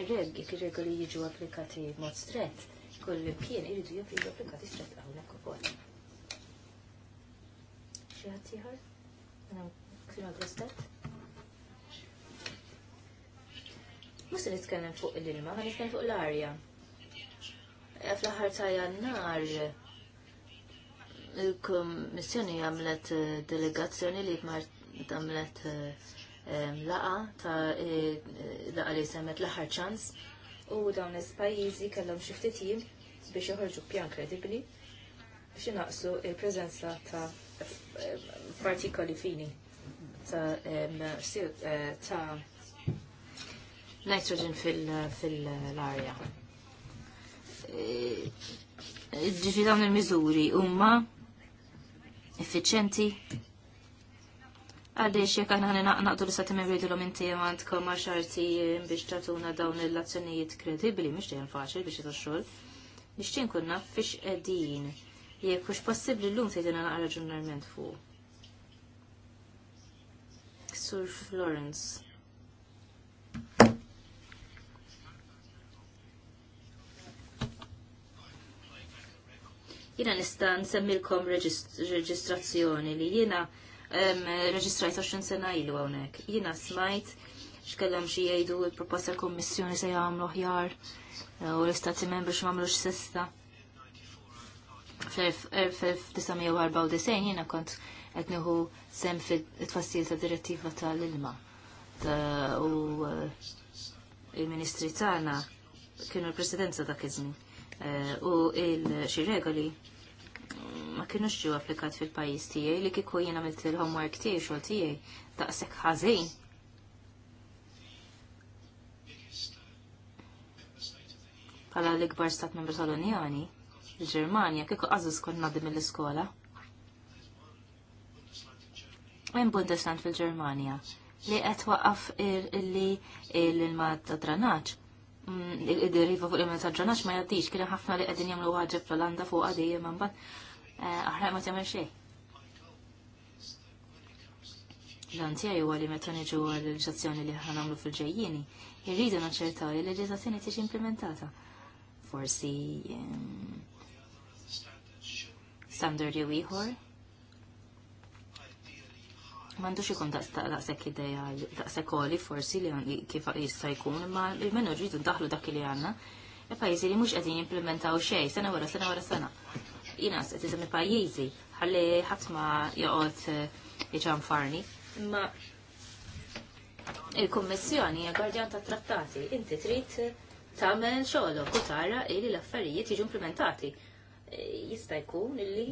Ir-reg jekk ir-regoli jiġu applikati mod strett, kull impjien iridu jiġu applikati strett hawnhekk ukoll. Xi ħadd ieħor? Ktina Grostet? Mux nitkellem fuq l-ilma, għan nitkellem fuq l-arja. Eh, Fl-ħar ta' jannar, il-kommissjoni għamlet eh, delegazzjoni li mart għamlet eh, laqa ta' eh, laqa li semmet l-aħħar ċans u dawn l pajjiżi kellhom xi ftit biex joħorġu pjan kredibbli biex inaqsu il-preżenza ta' eh, partikoli fini ta' ta' nitrogen fil-arja. Ġifi il effiċenti Għaliex jekk aħna naqdu li satim irridu l inti għandkom għaxarti xarti eh, biex tatuna dawn l-azzjonijiet kredibbli mhux dejjem faċil biex xogħol. Nixtieq nkun naf fiex qegħdin jekk l possibbli llum tgħidilna naqra ġurnalment fuq. Sur Florence. Jena nista nsemmilkom reġistrazzjoni li jiena reġistrajt 20 sena ilu hawnhekk. Jiena smajt x'kellam xi jgħidu l-proposta l-Kummissjoni se jagħmlu ħjar eh, u l-Istati Membri x sista. f 1994 jiena kont qed nieħu sem fil tfassil ta' direttiva tal-ilma. U eh, il-Ministri tagħna kienu l-Presidenza ta' kizmi. Eh, u il-xi regoli ma kienux ġew applikat fil-pajjiż tiegħi li kieku jien għamilt il-homework tiegħi xogħol tiegħi daqshekk ħażin. Pala l-ikbar stat membru tal-Unjoni, il-Ġermanja kieku għazus kon nadim mill-iskola. Għem Bundesland fil-Ġermanja li qed waqaf illi il-mad dranaġġ id-deriva fuq il-messagġanax ma jaddix, kien ħafna li għedin jamlu għagġib fl landa fuq għadi jemman bat, eh, aħraq ma t tagħmel xejn. Lan tiegħi huwa li meta niġu għall-leġiżazzjoni li ħan għamlu fil-ġejjieni, jirridu naċċerta li l t-iġi implementata. Forsi ehm, standard ju iħor, Mandux ikun daqsek ideja, daqsek oli forsi li kif jista' jkun, imma il-menu ġridu daħlu dak li għanna, e pajjiżi li mhux qegħdin implementaw xejn sena wara sena wara sena. Jiena se tiżem pajizi, pajjiżi ħalli ħadd ma joqgħod eh, iġanfarni. Imma il-Kummissjoni hija gwardjan ta' trattati, inti trid tagħmel xogħolok u tara li l-affarijiet jiġu implementati. Eh, jista' jkun illi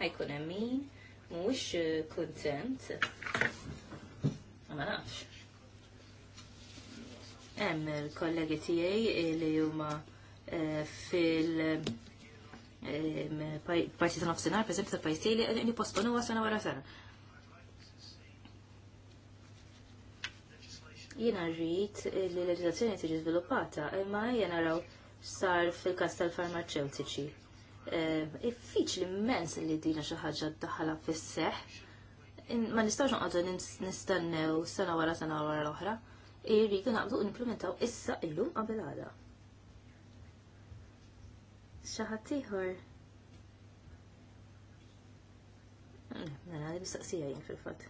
ħajkun hemm min mux eh, kontent. Ma nafx. Hemm il-kollegi tiegħi eh, li huma eh, fil- pajsi ta' nofsinhar, pereżempju ta' pajsi li qegħdin jipposponuha sena wara sena. Jiena rrid li l-leġiżlazzjoni tiġi żviluppata, imma jiena naraw sar fil-każ tal-farmaceutiċi Iffiċ l-immens li dina xi ħaġa ddaħħala fis Ma nistgħux noqogħdu nistennew sena wara sena wara l-oħra. Irridu naqbdu implementaw issa illum qabel għada. Xaħatiħor. ħadd ieħor Mela, għadib saqsija jien fil-fat.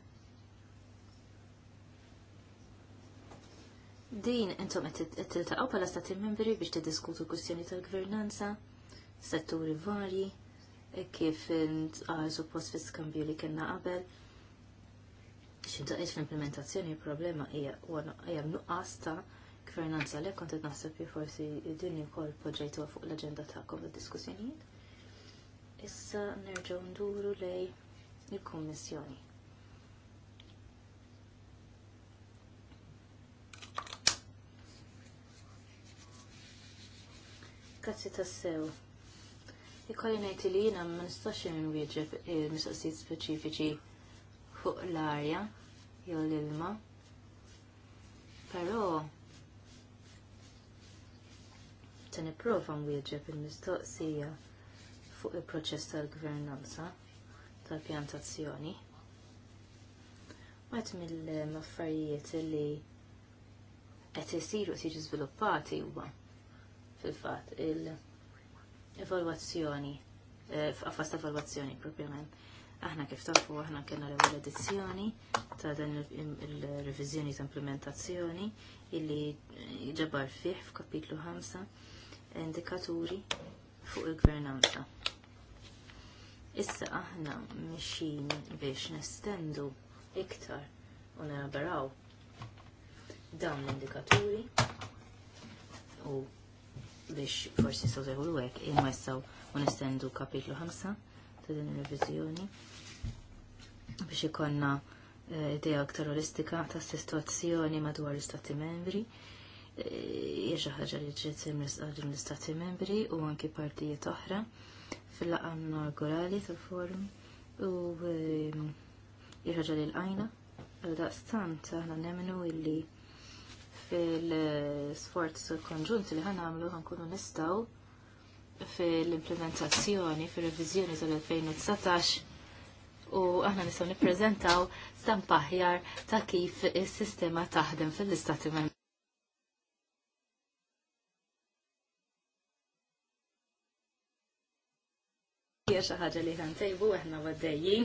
Din intom qed tiltaqgħu bħala stati membri biex tiddiskutu kustjoni tal-gvernanza setturi varji e kif suppost fi skambju li kena qabel. Xintaqiex l-implementazzjoni il-problema hija nuqqas ta' gvernanza li kontet naħseb li forsi din kol poġġejtuha fuq l-aġenda tagħkom id-diskussjonijiet. Issa nerġgħu nduru lej il-Kummissjoni. Grazie a sew Ikolli ngħid li jina ma nistax il mistoqsijiet speċifiċi fuq l-arja jew l-ilma. Però se nipprova nwieġeb il-mistoqsija fuq il-proċess tal-gvernanza tal-pjantazzjoni. Għet mill-maffarijiet li qed isiru qed jiġi żviluppati huwa fil-fatt il- evalwazzjoni, għafas eh, ta' evalwazzjoni propjament. Aħna kif tafu, aħna kena l-ewwel edizzjoni ta' dan il-reviżjoni ta' implementazzjoni illi eh, ġabar fih f'kapitlu 5 indikaturi fuq il-gvernanza. Issa aħna mixin biex nestendu iktar u nabaraw dawn l-indikaturi u biex forsi saw seħu l-wek, imma jistaw unestendu kapitlu 5 ta' din il-revizjoni biex ikonna eh, idea aktar olistika ta' situazzjoni madwar l-istati membri. Eh, jiexa ħagġa li ġiet għadin l-istati membri u anki partijiet oħra fil-laqqa inaugurali tal-forum u eh, jiexa ħagġa li l-ajna. Għal-daqstant, aħna nemmenu illi fil-sforz konġunti li ħanamlu ħankunu nistaw fil-implementazzjoni, fil-revizjoni tal-2019 u aħna nistgħu nippreżentaw stamp aħjar ta' kif is-sistema taħdem fil-istati membri. hija xi ħaġa li ħantejbu aħna għaddejjin,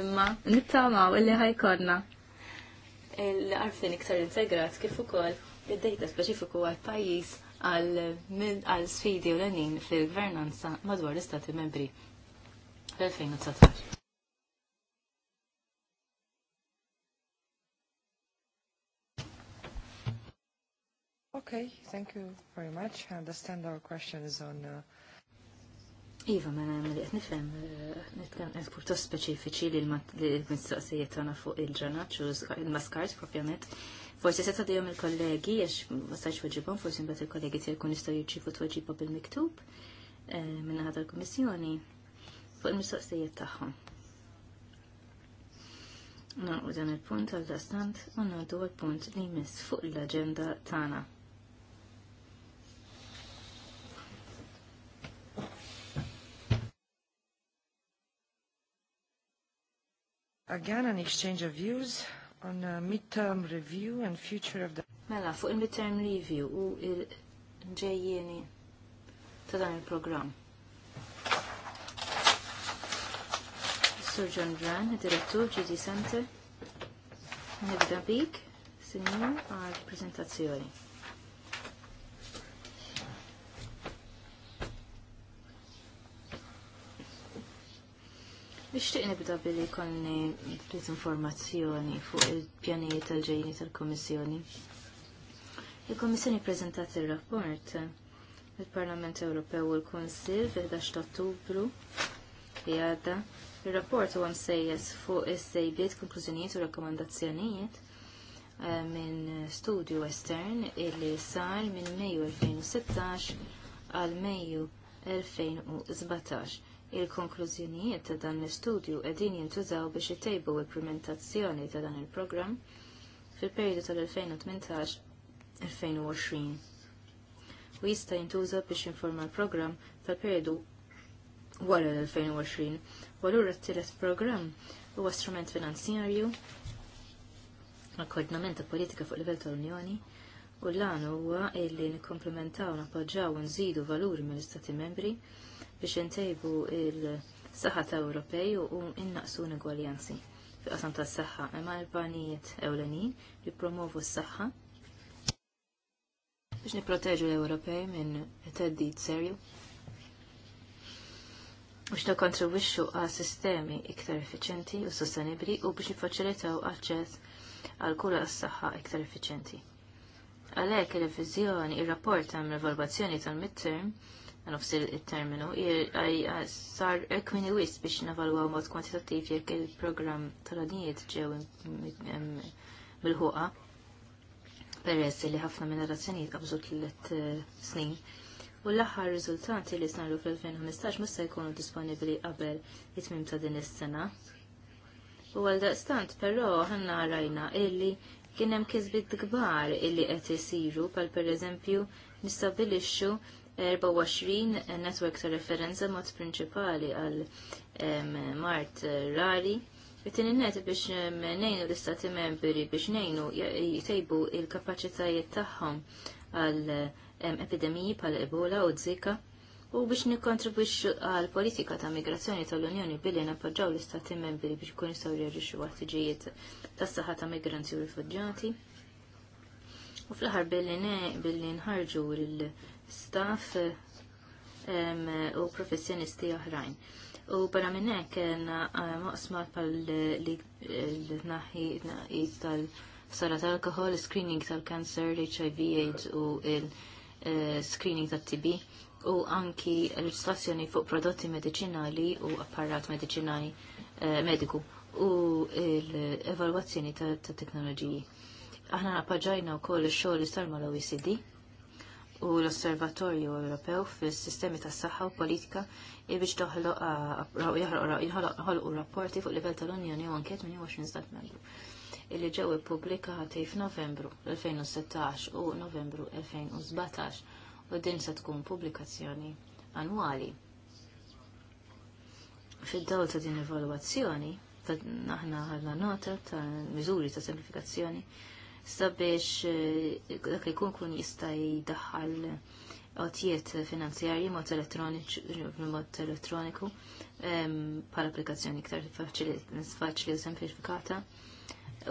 imma nittamaw illi ħajkorna l-arfin iktar integrat kif ukoll id-dejta speċifiku għal pajjiż għal sfidi u l-għanin fil-gvernanza madwar l-Istati membri fl-2019. Okay, thank you very much. I understand our question is on uh, Iva, ma nifhem, jgħet qed esportos speċifiċi li l mistoqsijiet tagħna fuq il ġranat u il-maskart propjament. Forsi se tagħtihom il-kollegi, għax stajx weġibon, forsi mbagħad il-kollegi se jkun jistgħu jiġifu t bil-miktub minn eh, minna ħadar kummissjoni fuq il mistoqsijiet tagħhom. Nanqu dan il-punt għal dastant u nagħdu għal-punt li jmiss fuq l-aġenda tagħna. Again, an exchange of views on a midterm review and future of the... Mela, fuq il-midterm review u il-ġejjeni ta' dan il-program. Sir John Dran, direttur GD Center. Nibda bik, sinjur, għal prezentazzjoni. Nixtieq nibda billi konni ftit informazzjoni fuq il-pjanijiet tal-ġejni tal-Kummissjoni. Il-Kummissjoni prezentat ir-rapport il-Parlament Ewropew u l konsil fil-11 ta' Ottubru li għadda. Ir-rapport huwa għamsejjes fuq is-sejbiet, konklużjonijiet u rakkomandazzjonijiet eh, minn studju estern illi sar minn Mejju 2016 għal Mejju 2017 Il-konklużjonijiet ta' dan l-istudju qegħdin jintużaw biex itejbu l-implementazzjoni ta' dan il-programm fil-perjodu tal-2018-2020. U jista' jintuża biex informa l-programm tal-perjodu wara l-2020. Walura t-tielet programm huwa strument finanzjarju l koordinament ta' politika fuq livell tal-Unjoni u l-għan huwa illi nikkomplementaw, napoġġaw u nżidu valuri mill-Istati membri biex intejbu il-saħħa ta' Ewropej u innaqsu negwaljanzi fi qasam tas saħħa imma l-banijiet ewlenin li promovu s-saħħa biex niproteġu l-Ewropej minn teddid serju biex nikontribwixxu għal sistemi iktar effiċenti u sostenibbli u biex nifaċilitaw aċċess għal kura s-saħħa iktar effiċenti. Għalhekk il-reviżjoni ir-rapport għam l tal-midterm nofsir il-terminu, sar ekwini wis biex u mod kwantitattiv jekk il-program tal għadijiet ġew bil ħuqa peress li ħafna minn razzjoniet qabżu tlet eh, snin, u l-aħħar riżultanti li s-narru fl-2015 musta jkunu disponibli qabel jitmim ta' din is-sena. U għal-daqstant, però ħanna rajna illi kien hemm gbar kbar illi qed isiru pal pereżempju nistabilixxu 24 network ta' referenza mod prinċipali għal mart rari. Ittin innet biex nejnu l-istati membri biex nejnu jtejbu il-kapacitajiet tagħhom għal epidemiji pal ebola u zika u biex nikontribwix għal politika ta' migrazzjoni tal-Unjoni billi nappoġġaw l-istati membri biex kun jistgħu jirrixxu għattiġijiet tas-saħħa ta' migranti u rifuġġjati. U fl-aħħar billi nħarġu l- staff u professjonisti oħrajn. U para minn hekk maqsma pal-naħid tal-sara tal-alkohol, screening tal cancer HIV, AIDS u il-screening eh, tal-TB u anki l-istazzjoni fuq prodotti medicinali u apparat medicinali eh, mediku u l-evalwazzjoni tal teknoloġiji. Aħna napaġajna wkoll ix-xogħol li l mal-OECD u l-Osservatorju Ewropew fis-sistemi tas-saħħa u politika biex toħloq rapporti fuq livell tal-Unjoni u anke 28 stat membru illi ġew ippubblikati f'Novembru 2016 u Novembru 2017 u din se tkun pubblikazzjoni annwali. Fid-dawl ta' din evalwazzjoni, aħna ħadna nota ta' miżuri ta' semplifikazzjoni sabiex eh, dak jkun kun jista' jdaħħal għotijiet finanzjarji mod mod elettroniku bħal applikazzjoni iktar faċli u semplifikata.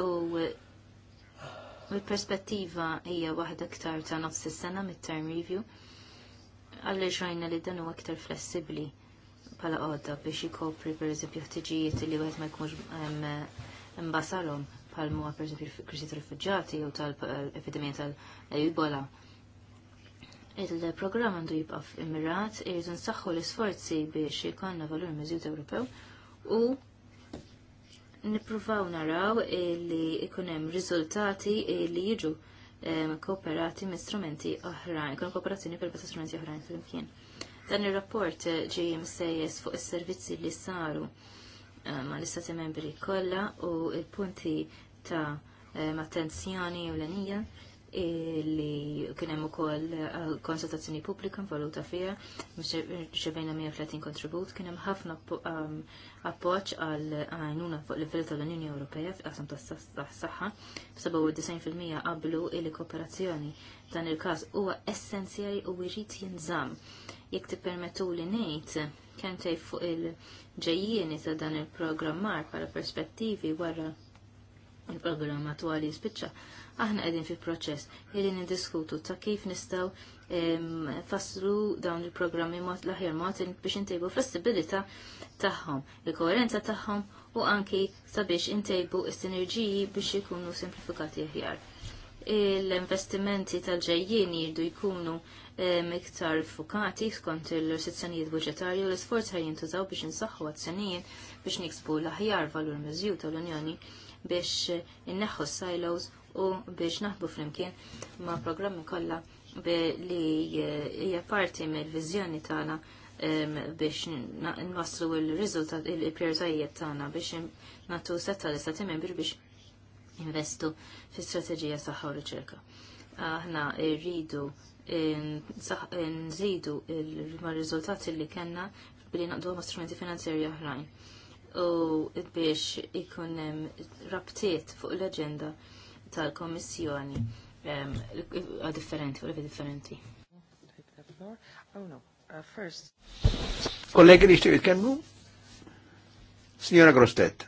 U mill-perspettiva eh, hija waħda iktar ta' nofs is-sena mid-term review għalli xajna li dan huwa iktar flessibbli bħala għodda biex jkopri per eżempju ħtiġijiet li wieħed ma jkunx eh, mbasalhom bħal muwa per fil-kriżi tal-rifugġati u tal-epidemija tal-Ebola. Il-programm għandu jibqa' f'Emirat irridu nsaħħu l-isforzi biex jkollna valur miżjud Ewropew u nippruvaw naraw li ikun hemm riżultati li jiġu ehm, kooperati minn strumenti oħrajn, ikun kooperazzjoni per strumenti oħrajn flimkien. Dan ir-rapport ġi msejjes fuq is-servizzi li saru ma ehm, l-istati membri kollha u l punti ta' mattenzjani u l-enija li kienem u kol eh, konsultazzjoni publika valuta fija, xebejna 130 kontribut, kienem ħafna appoċ għal għajnuna fuq l-fil tal-Unjoni Ewropea f'qasam tas-saħħa, b-97% qablu li kooperazzjoni dan il-każ huwa essenzjali u jrid jinżamm. Jekk tippermettu li ngħid kemm tgħid fuq il-ġejjieni ta' dan il-programmar bħala perspettivi wara il programma twali spiċċa. Aħna qegħdin fi proċess li niddiskutu ta' kif nistgħu fasslu dawn il-programmi mod l-aħjar mod biex intejbu flessibilità tagħhom, il-koerenza tagħhom u anki sabiex intejbu s-sinerġiji biex ikunu simplifikati aħjar. L-investimenti tal-ġejjien jirdu jkunu miktar fukati skont il-sezzjonijiet budġetarju l-isforz ħajjintużaw biex insaħħu għazzjonijiet biex niksbu l-aħjar valur miżju tal-Unjoni biex inneħħu silos u biex naħbu flimkien ma' programmi kollha li hija parti mill-viżjoni tagħna biex nwasslu il-riżultat il-prijoritajiet tagħna biex nagħtu setta li istati membri biex investu fi strateġija saħħa u riċerka. Aħna rridu nżidu il-riżultati li kellna billi naqdu ma' strumenti finanzjarji oħrajn u biex ikunem rabtiet fuq l agenda tal-Komissjoni differenti, fuq differenti. Oh, uh, Kollegi li xtiqit kemmu? Signora Grostet,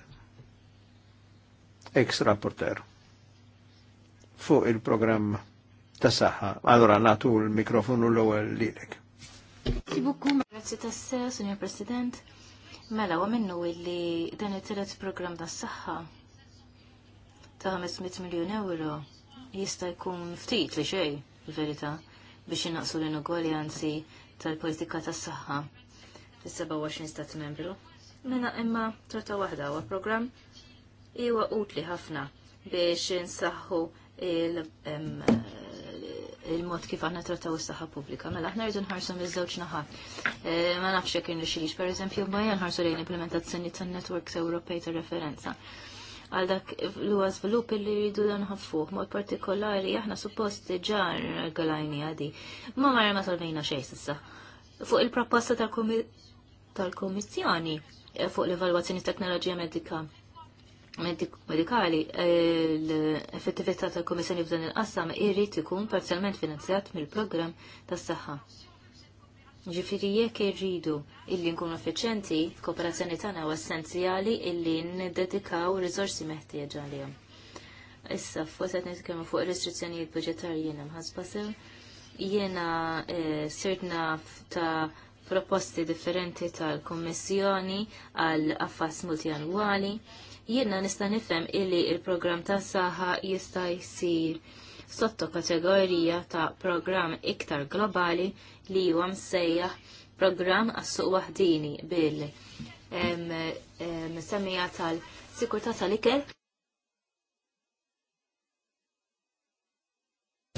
ex rapporter, fuq il-programm ta' saħħa. Allora natu l-mikrofonu l-ewwel li lilek. Grazie tassew, signor President. Mela, u minnu illi dan it-telet program ta' s-saxħa ta' 500 miljon euro jista' jkun ftit li xej, il-verità, biex innaqsu l inugoljanzi tal-politika ta' s-saxħa fil 27 stat membru. Mela imma torta waħda huwa program iwa utli ħafna biex nsaħħu il- il-mod kif aħna trattaw is-saħħa pubblika. Mela aħna rridu nħarsu miż-żewġ naħat. Eh, ma nafx jekk irnexxilix pereżempju bajja nħarsu lejn implementazzjoni tan-networks Ewropej ta' referenza għal dak l-huwa żvilupp li jridu nħaffuh, mod partikolari aħna suppost ġar għalajni għadi. Ma marra ma solvejna xej sa. Fuq il-proposta tal-Komissjoni eh, fuq l-evalwazzjoni teknoloġija medika medikali l-effettività tal-Komissjoni f'dan il-qassam irrit ikun parzialment finanzjat mill-programm tas-saħħa. Ġifiri jekk irridu illi nkunu effiċenti, kooperazzjoni tagħna huwa essenzjali illi niddedikaw riżorsi meħtieġ għalihom. Issa fuq qed nitkellmu fuq restrizzjonijiet budġetarji jiena mħassba sew. Jiena eh, sirtna ta' proposti differenti tal-Kommissjoni għal affas multianwali jiena nista' nifhem illi il-programm ta' saħħa jista' jsir sotto kategorija ta' programm iktar globali li huwa msejjaħ programm għas-suq waħdini bil semmija tal-sikurtà tal-ikel.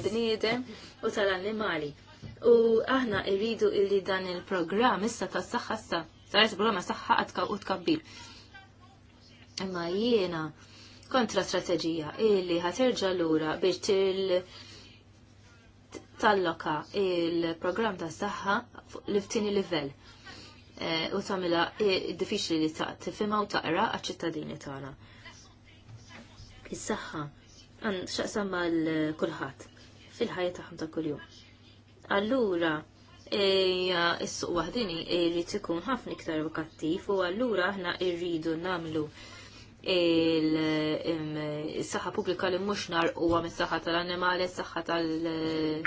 bniedem u tal-annimali. U aħna irridu illi dan il-programm issa tas-saħħa sa saret programma saħħa għadka u tkabbir. Imma jiena kontra strateġija illi ħaterġa lura biex til talloka il-programm ta' saħħa l-iftini livell eh, u tamila eh, diffiċli li ta' tifima u taqra għal-ċittadini tagħna. Is-saħħa għan xaqsam mal-kulħadd fil-ħajja tagħhom ta' kuljum. Allura, is-suq waħdini irrid ikun ħafna iktar kattiv u allura aħna rridu nagħmlu il-saħħa pubblika li mhux huwa mis-saħħa tal-annimali, s-saħħa tal-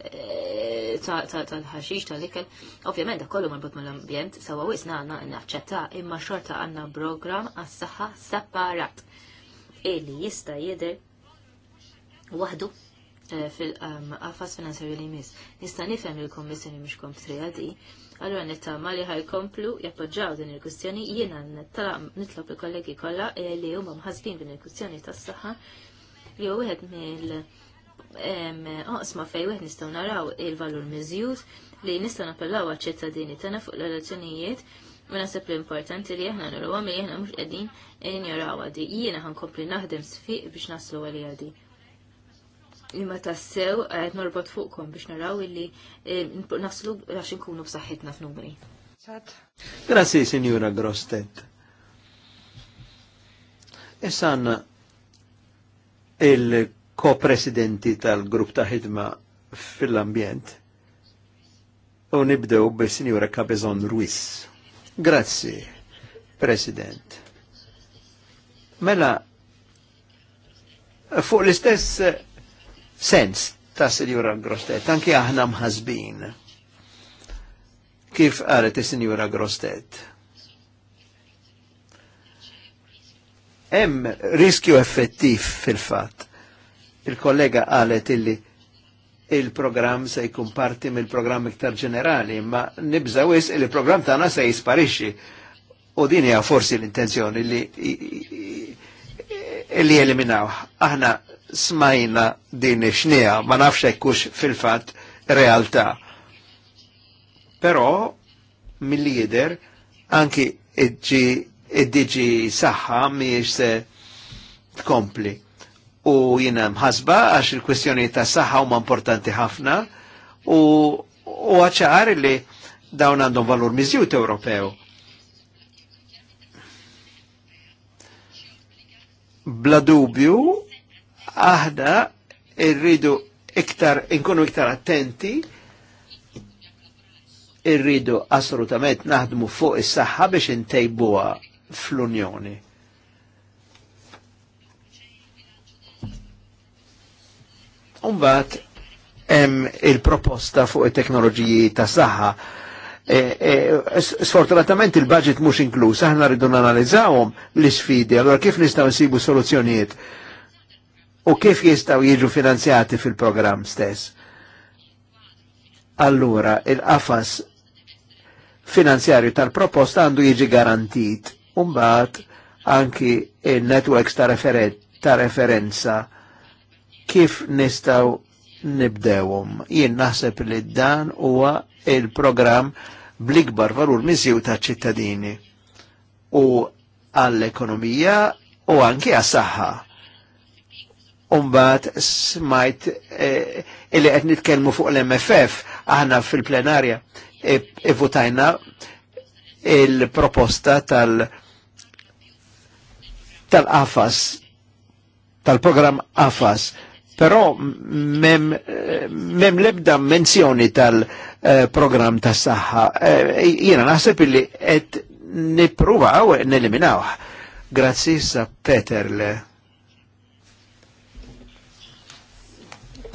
eh, tal-ħaxix, tal-ikel. Ovvjament, dak kollu marbut mal-ambjent, sawa wisna għanna naċċetta imma xorta għanna program għas-saħħa separat. Illi jista jidher waħdu eh, fil-qafas finanzjarju li jmiss. Nista' nifhem il-Kommissjoni mhux kontrija di, Allora nittama li ħajkomplu jappoġġaw din il-kustjoni jiena nitlob il-kollegi kollha eh, li huma mħasbin din il-kustjoni tas-saħħa li huwa wieħed mill oqsma fej wieħed nistgħu naraw il-valur miżjud li nistgħu nappellaw għaċ-ċittadini tagħna fuq l-elezzjonijiet u naħseb li importanti li aħna nirwa li aħna mhux qegħdin ignoraw għadi. Jiena ħankompli naħdem sfiq biex naslu għal għadi li ma tassew għed norbot fuqkom biex naraw illi eh, naslu għax nkunu b'saħħitna f'numri. Grazzi, Signora Grostet. Issa għanna il-ko-presidenti tal-grupp ta' ħidma fil-ambjent. U nibdew bi signora Cabezon Ruiz. Grazzi, President. Mela, fuq l-istess sens ta' Sinjura Grostet, anki aħna mħazbin. Kif qalet is-Sinjura Grostet? Hemm riskju effettiv fil-fatt. Il-kollega qalet illi il-programm se jkun parti mill-programm iktar ġenerali, ma nibżawis il-programm tagħna se jisparixxi. U din hija forsi l-intenzjoni li li eliminaw. Aħna smajna din ixnija, ma nafx ekkux fil-fat realtà. Però mill-lider anki id-diġi saħħa miex se tkompli. U jina mħasba għax il-kwestjoni ta' saħħa huma importanti ħafna u, u għacċar li dawn għandhom valur miżjut Ewropew. Bla dubju, Aħna irridu iktar, inkunu iktar attenti, irridu assolutament naħdmu fuq is-saħħa biex intejbuha fl-Unjoni. Umbat, hemm il-proposta fuq it-teknoloġiji ta' saħħa. E, e, Sfortunatament il-budget mhux inkluż, aħna rridu nanalizzawhom l-isfidi, allora kif nistgħu nsibu soluzzjonijiet? u kif jistaw jiġu finanzjati fil-programm stess. Allura, il-qafas finanzjarju tal-proposta għandu jiġi garantit. Umbat, anki il-networks ta, referen ta' referenza kif nistaw nibdewum. Jien naħseb li dan huwa il-programm bl-ikbar valur miżju ta' ċittadini u għall-ekonomija u anki għas-saħħa Umbat smajt eh, illi qed nitkellmu fuq l-MFF aħna fil-plenarja ivvutajna e, e il-proposta tal- tal-AFAS, tal-program AFAS, però mem, lebda menzjoni tal-program eh, ta' tas saħħa eh, Jiena naħseb illi qed nippruvaw neliminawh. Grazzi sa Peterle.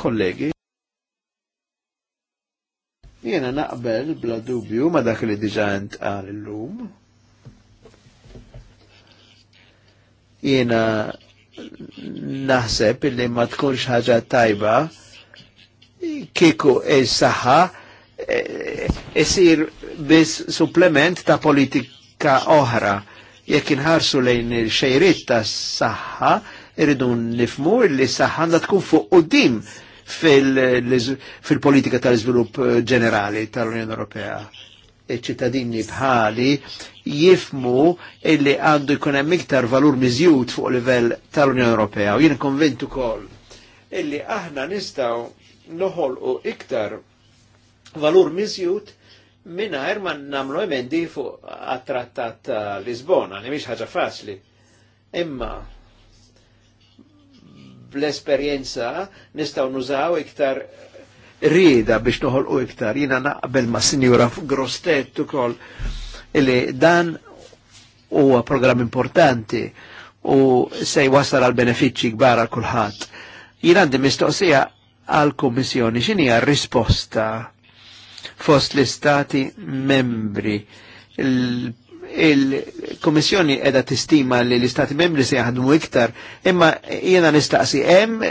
kollegi. Jena naqbel bla dubju ma dak li diġant għal l-lum. Jena naħseb li ma tkunx ħaġa tajba kieku is-saħħa e, isir bis supplement ta' politika oħra. Jekk inħarsu lejn il-xejrit ta' saħħa, irridu nifmu li saħħa għandha tkun fuq qudiem fil-politika tal izvilup eh, ġenerali tal-Unjoni Ewropea. Iċ-ċittadini bħali jifmu illi għandu jkun hemm iktar valur miżjud fuq livell tal-Unjoni Ewropea u jien konvent ukoll illi aħna nistgħu noħolqu iktar valur miżjud mingħajr ma nagħmlu emendi fuq għat-trattat ta' Lisbona, li mhix ħaġa faċli. Imma l esperienza nistaw nużaw iktar rida biex u iktar. Jina naqbel ma' sinjura Grostet ukoll illi dan huwa programm importanti u se jwassal għal benefiċċji gbar għal kulħadd. Jina għandi mistoqsija għal kummissjoni għal risposta fost l-istati membri il-Komissjoni edha tistima li l-Istati membri se jaħdmu iktar, imma jena nistaqsi, hemm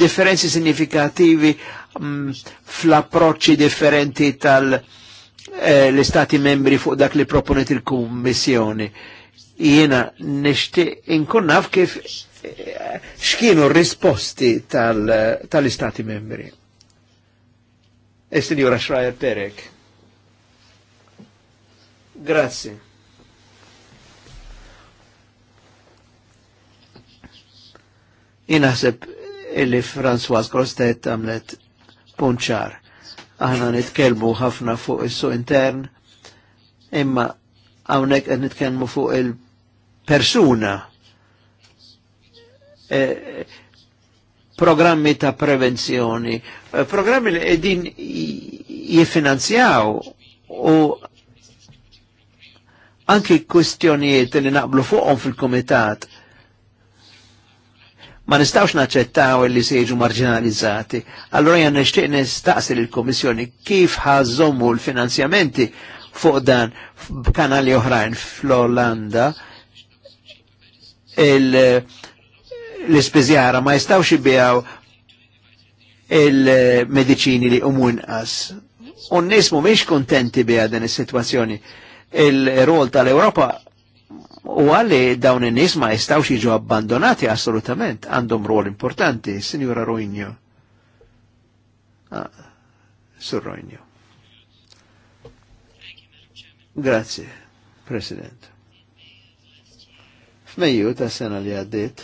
differenzi significativi mm, fl-approċċi differenti tal-Istati eh, membri fuq dak li proponet il komissjoni Jena nishti inkunnaf kif eh, xkienu risposti eh, tal-Istati tal membri. E-Signora eh, Schreier Perek. Grazzi. Jinaħseb illi François Grostet għamlet punċar. Aħna nitkelmu ħafna fuq is-suq intern, imma hawnhekk qed nitkellmu fuq il-persuna. E, programmi ta' prevenzjoni, programmi li qegħdin jiffinanzjaw u anki kwistjonijiet li naqblu fuqhom fil-komitat ma nistawx naċċettaw li seġu marginalizzati. Allora jan nishtiq nistaqsi l-Komissjoni kif ħażommu l-finanzjamenti fuq dan kanali oħrajn fl-Olanda l-ispizjara ma jistawx ibijaw il-medicini li umun as. Un nismu miex kontenti bija dan is-situazzjoni il-rol tal-Europa u għalli dawn in-nies ma jistawx jiġu abbandonati assolutament, għandhom rol importanti, Sinjura Ruinjo. Ah, Sur Ruinjo. Grazie, President. F'Mejju ta' sena li għaddit,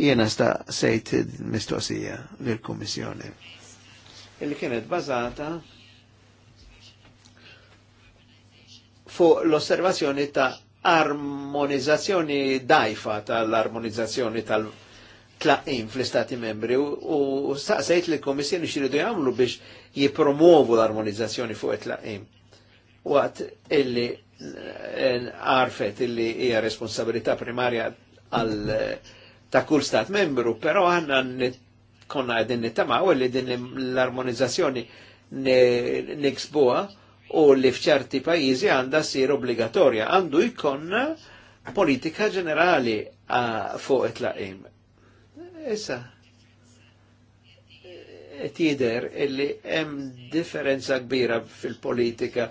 jiena sta' sejt mistoqsija lill-Kummissjoni. Illi kienet bazata fuq l-osservazzjoni ta' armonizzazzjoni dajfa tal-armonizzazzjoni tal-tlaqim fl-Istati membri u staqsejt li l-Komissjoni xiridu jagħmlu biex jipromuovu l-armonizzazzjoni fuq it-tlaqim. Waqt illi eh, għarfet illi hija responsabilità primarja għal eh, ta' kull stat membru, però għanna konna għedin nittamaw illi din l-armonizzazzjoni niksbuha u li fċerti pajizi għanda sir obbligatorja. Għandu jkonna politika ġenerali fuq it-laqim. Issa, jider illi hemm differenza kbira fil-politika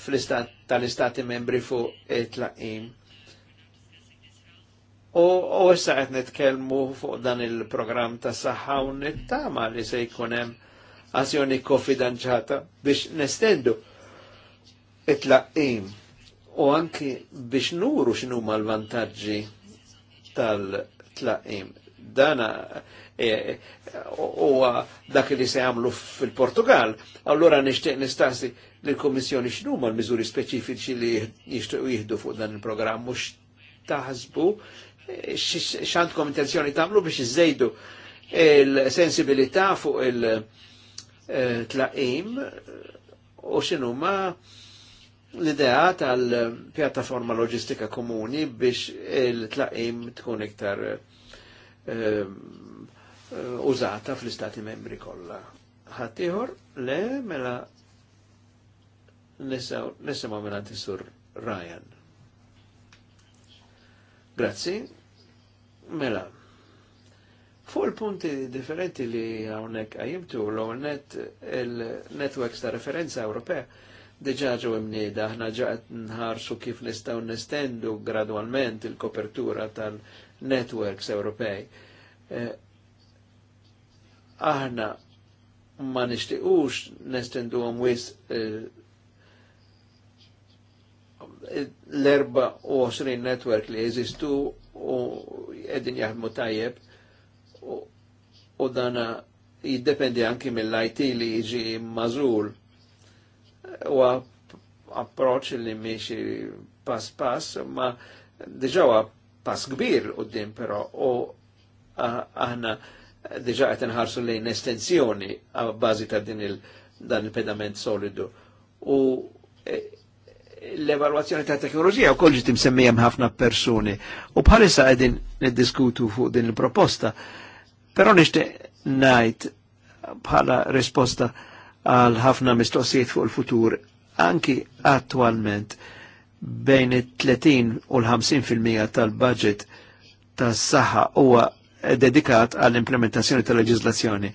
tal-istati membri fuq it-laqim. U issa qed nitkellmu fuq dan il-programm ta' saħħa u nittama li se jkun hemm azzjoni kofidanċata biex nestendu it laqim u anki biex nuru xinu ma l-vantagġi tal-tlaqim. Dana e, u dak li se għamlu fil-Portugal, allora nishtiq nista'si l-Komissjoni xinu ma l-mizuri speċifiċi li jishtiqu jihdu fuq dan il-programm mux taħsbu xandkom intenzjoni tamlu biex iżejdu il-sensibilità fuq il-tlaqim u xinu ma' l-idea tal-pjattaforma loġistika komuni biex il-tlaqim tkun iktar ehm, użata fl-istati membri kollha. Ħaddieħor le mela nisimgħu mela sur Ryan. Grazzi. Mela. Fuq il-punti differenti li hawnhekk għajimtu l-net il-networks ta' referenza Ewropea deġaġu imnida, ħna ġaqet nħarsu kif nistaw nestendu gradualment il-kopertura tal-networks Ewropej. Eh, aħna ma nishtiqux nestendu għom wis eh, l-24 network li jeżistu u edin jahmu tajjeb u, u dana jiddependi anki mill-IT li jiġi mażul u approċ li miexi pass pass, ma diġa diġawa pass kbir u din pero u aħna diġa għet nħarsu lejn estensjoni bazi ta' din il dan il-pedament solidu. U e, l-evaluazzjoni ta' teknoloġija u kolġi timsemmija ħafna persuni. U bħalissa għedin niddiskutu fuq din il-proposta. Pero nishtiq najt bħala risposta għal ħafna mistoqsijiet fuq il-futur anki attualment bejn it-30 u l-50% tal-budget tas-saħħa huwa dedikat għall-implementazzjoni tal-leġiżlazzjoni.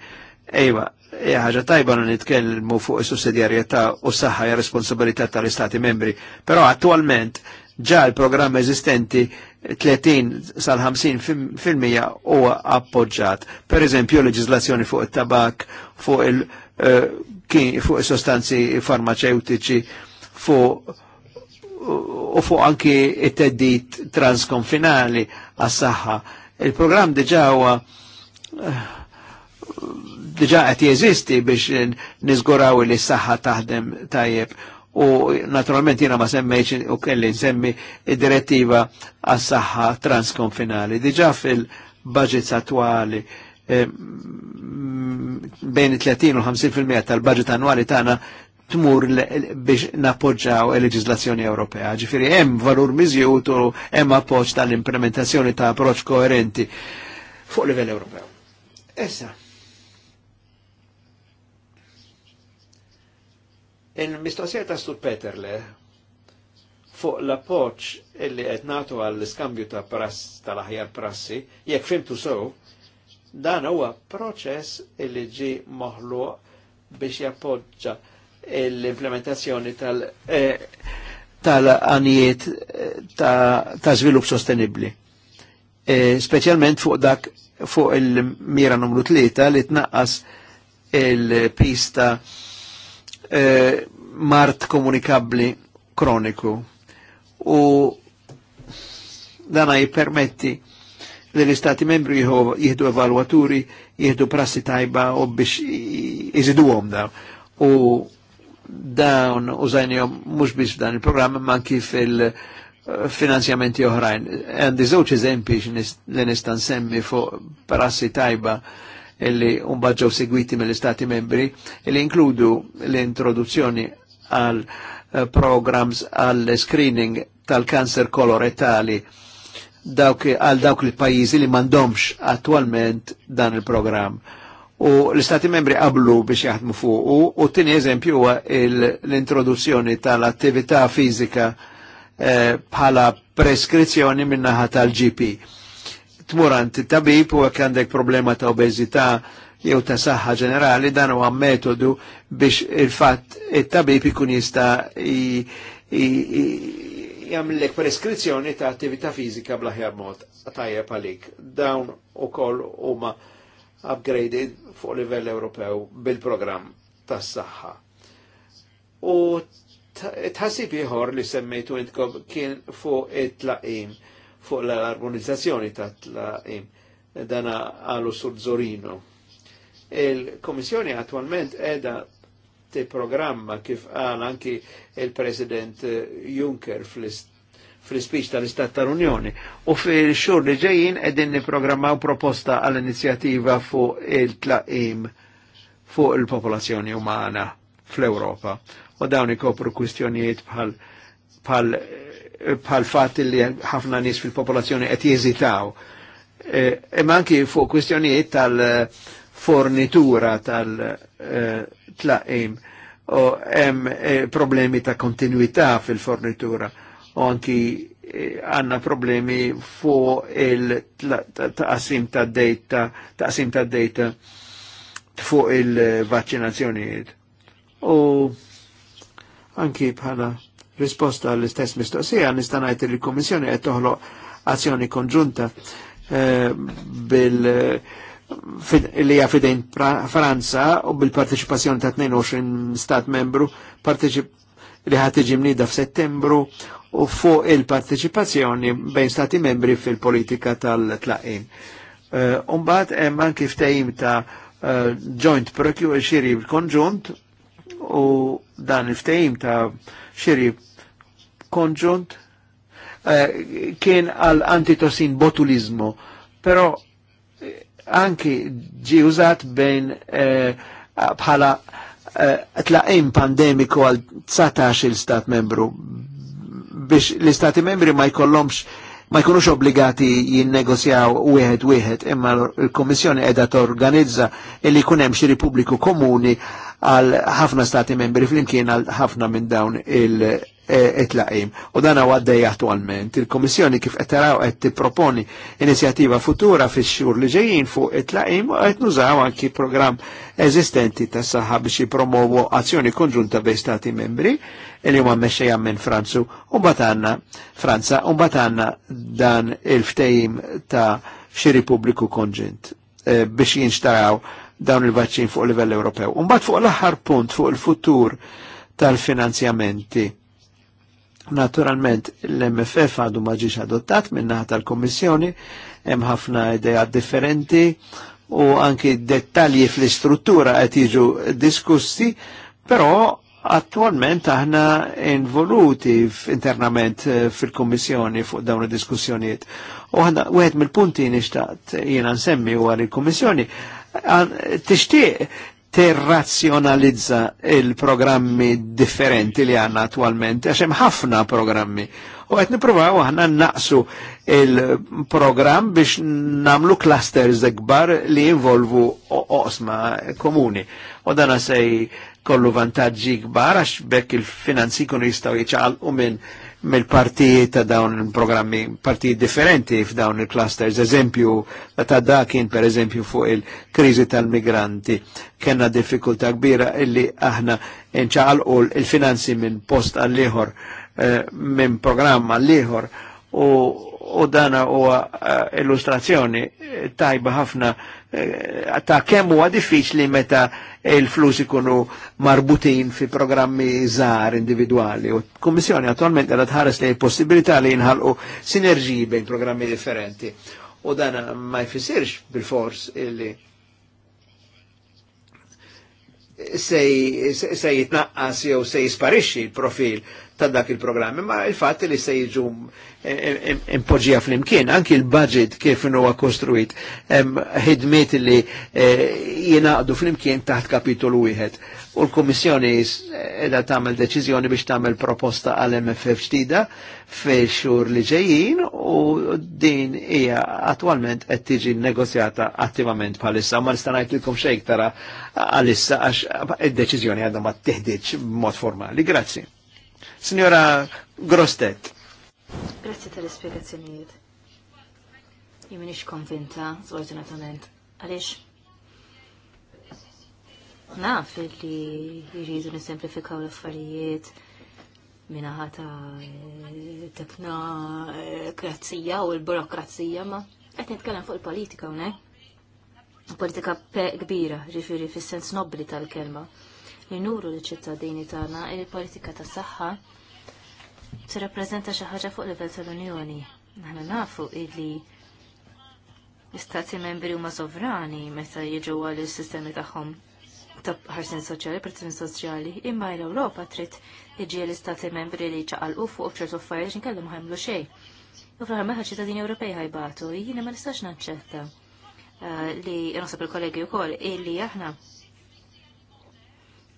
Ejwa, ħaġa tajba li nitkellmu fuq is-sussidjarjetà u saħħa hija responsabilità tal-Istati membri, però attualment ġa l-programm eżistenti 30 sal-50 fil-mija huwa appoġġat. Per eżempju, leġiżlazzjoni fuq it-tabak, fuq il- eh, kien fuq sostanzi farmaceutiċi fuq u fuq anki it-teddit transkonfinali għas-saħħa. Il-programm diġa huwa diġa qed jeżisti biex niżguraw li s-saħħa taħdem tajjeb u naturalment jiena ma semmejx u kelli nsemmi id-direttiva għas-saħħa transkonfinali. Diġa fil-budgets attuali bejn 30 u 50% tal-budget annwali tagħna tmur biex nappoġġaw il-leġizlazzjoni Ewropea. Ġifieri hemm valur miżjut u hemm appoġġ tal-implementazzjoni ta' approċċ koerenti fuq livell Ewropew. Issa. Il-mistoqsija ta' Sur Peterle fuq l-appoġġ illi qed nagħtu għall-iskambju ta' prass tal-aħjar prassi, jekk fimtu sew, so, Dan huwa proċess illi ġi moħlu biex jappoġġa l-implementazzjoni tal- eh, anijiet eh, ta', żvilupp sostenibbli. sostenibli. Eh, Specialment fuq dak fuq il-mira numru tlieta li tnaqqas il-pista eh, mart komunikabli kroniku. U dana jippermetti li l-istati membri jihdu evalwaturi, jihdu prassi tajba u biex jizidu għom daw. U dawn għom mux biex dan il program man kif il-finanzjamenti oħrajn. Għandi zewċ eżempi li nistan semmi fuq prassi tajba illi unbaġġaw segwiti mill-istati membri illi inkludu l-introduzzjoni għal programs għal screening tal-kanser kolorettali dawk, għal dawk li pajjiżi li mandomx attualment dan il-programm. U l-Stati membri qablu biex jaħdmu fuqu u t-tini eżempju huwa l-introduzzjoni tal-attività fizika eh, bħala eh, preskrizzjoni minnaħa tal-GP. Tmurant tabib u għek għandek problema ta' obezita jew ta' saħħa ġenerali dan huwa metodu biex il-fatt it-tabib ikun jista' jamlek preskrizzjoni ta' attività fizika bla ħjar mod tajjeb għalik. Dawn ukoll huma upgraded fuq livell Ewropew bil-programm tas-saħħa. U tħassib ieħor li semmejtu intkom kien fuq it-tlaqim, fuq l-armonizzazzjoni ta' tlaqim dana għalu sur Zorino. Il-Komissjoni attualment edha te programma kif għal anki il-President Juncker fl-ispeech tal-Istat tal-Unjoni. U fil xur li ġejjin qegħdin nipprogrammaw proposta għall inizjativa fuq il-tlaqim fuq il-popolazzjoni umana fl-Europa. U dawni kopru kwistjonijiet bħal bħal bħal fatt li ħafna nies fil-popolazzjoni qed jeżitaw. E, imma anki fuq kwistjonijiet tal-fornitura tal-, -fornitura, e, tal tlaqim u hemm eh, problemi ta' kontinuità fil-fornitura u anki eh, għanna problemi fuq il-taqsim ta' data, taqsim ta' data fuq il-vaccinazzjonijiet. U anki bħala risposta għall-istess mistoqsija nistanajt il-Komissjoni qed toħloq azzjoni konġunta eh, bil- li hija fidejn Franza u bil-parteċipazzjoni ta' 22 stat membru li ħad tiġi mnida f'Settembru u fuq il-parteċipazzjoni bejn stati membri fil-politika tal-tlaqim. Eh, Umbat hemm anki ftehim ta' eh, joint procure xiri konġunt u dan il-ftehim ta' xiri konġunt eh, kien għal antitosin botulizmu, però anki ġi użat bejn eh, bħala eh, tlaqim pandemiku għal 19 il-stat membru biex l-istati membri ma jkollomx ma jkunux obbligati jinnegozjaw wieħed wieħed imma l-Kommissjoni qiegħda torganizza li jkun hemm xi ripubbliku Komuni għal ħafna stati membri flimkien għal ħafna minn dawn il- E, it-laqim. U dan għaddej attualment. Il-Komissjoni kif qed taraw qed tipproponi inizjattiva futura fix-xhur li ġejjin fuq it-laqim u qed nużaw anki programm eżistenti tas saħħa biex jipromovu azzjoni konġunta bej stati membri li huma mmexxejja minn Franzu u batanna Franza u batanna dan il-ftejim ta' xi Repubbliku konġint e, biex jinxtaraw dawn il-vaċċin fuq livell Ewropew. Umbat fuq l-aħħar punt fuq il-futur tal-finanzjamenti Naturalment, l-MFF għadu maġiġ adottat minna tal komissjoni hemm ħafna idea differenti u anki dettalji fl-istruttura qed jiġu diskussi, però attualment aħna involuti internament eh, fil komissjoni fuq dawn id-diskussjonijiet. U aħna wieħed mill-punti nixtaqt jiena nsemmi huwa għal l-Kommissjoni tixtieq terrazzjonalizza il-programmi differenti li għanna attualment, għax hemm ħafna programmi. U qed niprofaw aħna naqsu il-programm biex namlu clusters ekbar li involvu osma komuni. U dana sej kollu vantaġġi kbar għax bekk il-finanzi kunu jistgħu u minn mill-partijiet ta' dawn il-programmi, partijiet differenti f'dawn il-clusters. Eżempju, ta' da kien per eżempju fuq il-krizi tal-migranti. Kenna diffikulta kbira illi aħna u il-finanzi minn post għall-liħor, eh, minn programm għall-liħor u u dana huwa eh, illustrazzjoni tajba ħafna eh, ta' kemm huwa diffiċli meta il-flus ikunu marbutin fi programmi żgħar individwali. U l-Kummissjoni attualment qiegħda tħares li possibilità li jinħalqu sinerġiji bejn programmi differenti. U dana ma jfissirx bil-fors illi se jitnaqqas jew se jisparixxi l-profil ta' dak il-programm, ma il-fatt li se jiġu impoġija fl-imkien, anki il-budget kif huwa kostruit, ħidmiet li eh, jenaqdu fl-imkien taħt kapitolu wieħed. U l-Komissjoni edha tagħmel deċiżjoni biex tagħmel proposta għal MFF ġdida fi xhur li ġejjin u din hija attualment qed tiġi negozjata attivament bħalissa. Ma li ngħidlilkom xejn tara għalissa għax id-deċiżjoni għadha ma t-tihdiċ b'mod formali. Grazzi. Signora Grostet. Grazie tal-ispiegazzjonijiet. Jien minix konvinta, sfortunatament. Għaliex? Naf li jridu nisemplifikaw l-affarijiet minna eh, tekna teknokrazija eh, u l-burokrazija ma' għet nitkellem fuq il-politika ne. Politika kbira, ġifiri, fis-sens nobli tal-kelma li nuru li ċittadini tagħna li l-politika tas saħħa tirrappreżenta xi ħaġa fuq livell tal-Unjoni. Aħna nafu illi l-istati membri huma sovrani meta jiġu għal is-sistemi tagħhom ta' ħarsin soċjali, protezzjoni soċjali, imma l-Ewropa trid iġi l-istati membri li ċaqalqu fuq ċertu affarijiet inkellhom ħajmlu xejn. U fl meħħa ċittadini Ewropej ħajbatu, jiena ma nistax naċċetta eh, li naħseb il-kollegi wkoll illi aħna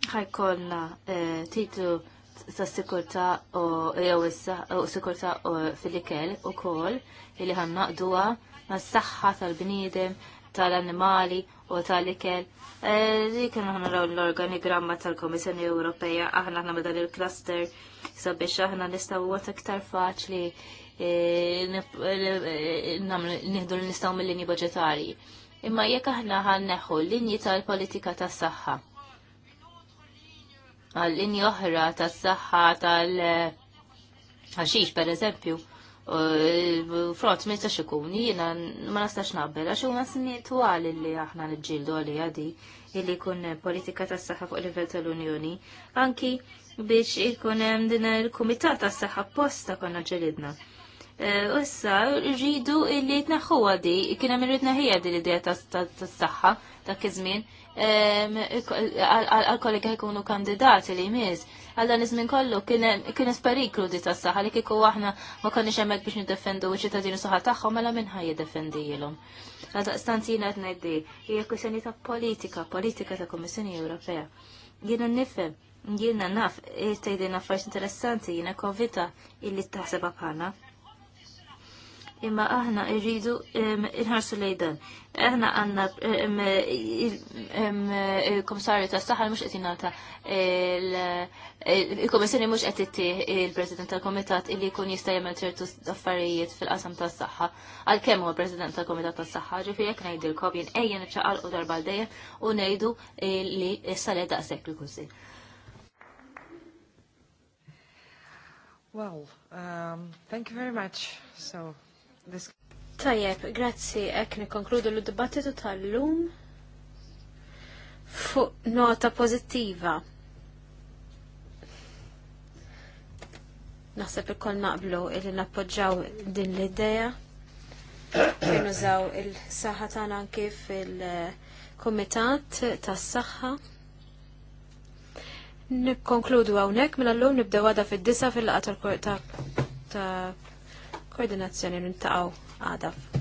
ħajkolna eh, titlu ta' sikurta u jew eh, sikurta fil-ikel u kol li ma' s saħħa tal-bniedem tal-annimali u tal-ikel. Eh, li kien ħana raw l-organigramma tal-Komissjoni Ewropeja, aħna ħna dan il-cluster sabiex aħna nistaw għat iktar faċli nieħdu l-nistaw mill-linji budġetarji. Imma jekk aħna ħanneħu l-linji tal-politika tas-saħħa għal linja oħra tas saħħa tal ħaxix per eżempju frott ma jistax ikun jiena ma nistax nabbel għax huma snin twal li aħna niġġieldu għalija di illi jkun politika tas saħħa fuq livell tal-Unjoni anki biex ikun hemm din il-kumitat tas saħħa posta konna ġelidna. E, issa, rridu illi tneħħu għadi, kien hemm irridna ħija din l-idea tas-saħħa ta' kiżmien għal-kollega jkunu kandidati li jmiz. Għalla nizmin kollu kien esperiklu di ta' saħħa li kiku għahna ma konniex hemmhekk biex nidefendu ċittadini saħħa tagħhom mela minn jidefendi jilom. Għadda stanzina qed ngħiddi hija kwistjoni ta' politika, politika ta' Komissjoni Ewropea. Jiena nifhem, jiena naf, tgħidilna affarijiet interessanti, jiena konvita illi taħseba bħalna imma aħna irridu inħarsu lejdan. Aħna għanna il-komissarju ta' s-saħħa mux qed jingħata il-komissjoni mux qed ittih il-President tal-Komitat illi jkun jista' jagħmel ċertu affarijiet fil-qasam tas-saħħa. Għalkemm huwa President tal-Komitat tas-saħħa, ġifieri jekk ngħidilkom jien ejja niċċaqalqu darba l u ngħidu li s-salet daqshekk li kunsill Well, um, thank you very much. So Tajjeb, grazzi, ek nikonkludu l-dibattitu tal-lum fuq nota pozittiva. Naħseb ikoll naqblu illi nappoġġaw din l-idea. użaw il-saħħa tagħna anke fil-Kumitat tas-Saħħa. Nikkonkludu hawnhekk mela llum nibdew għada fid-disa fil-laqgħa ta' koordinazzjoni nintaqgħu għada.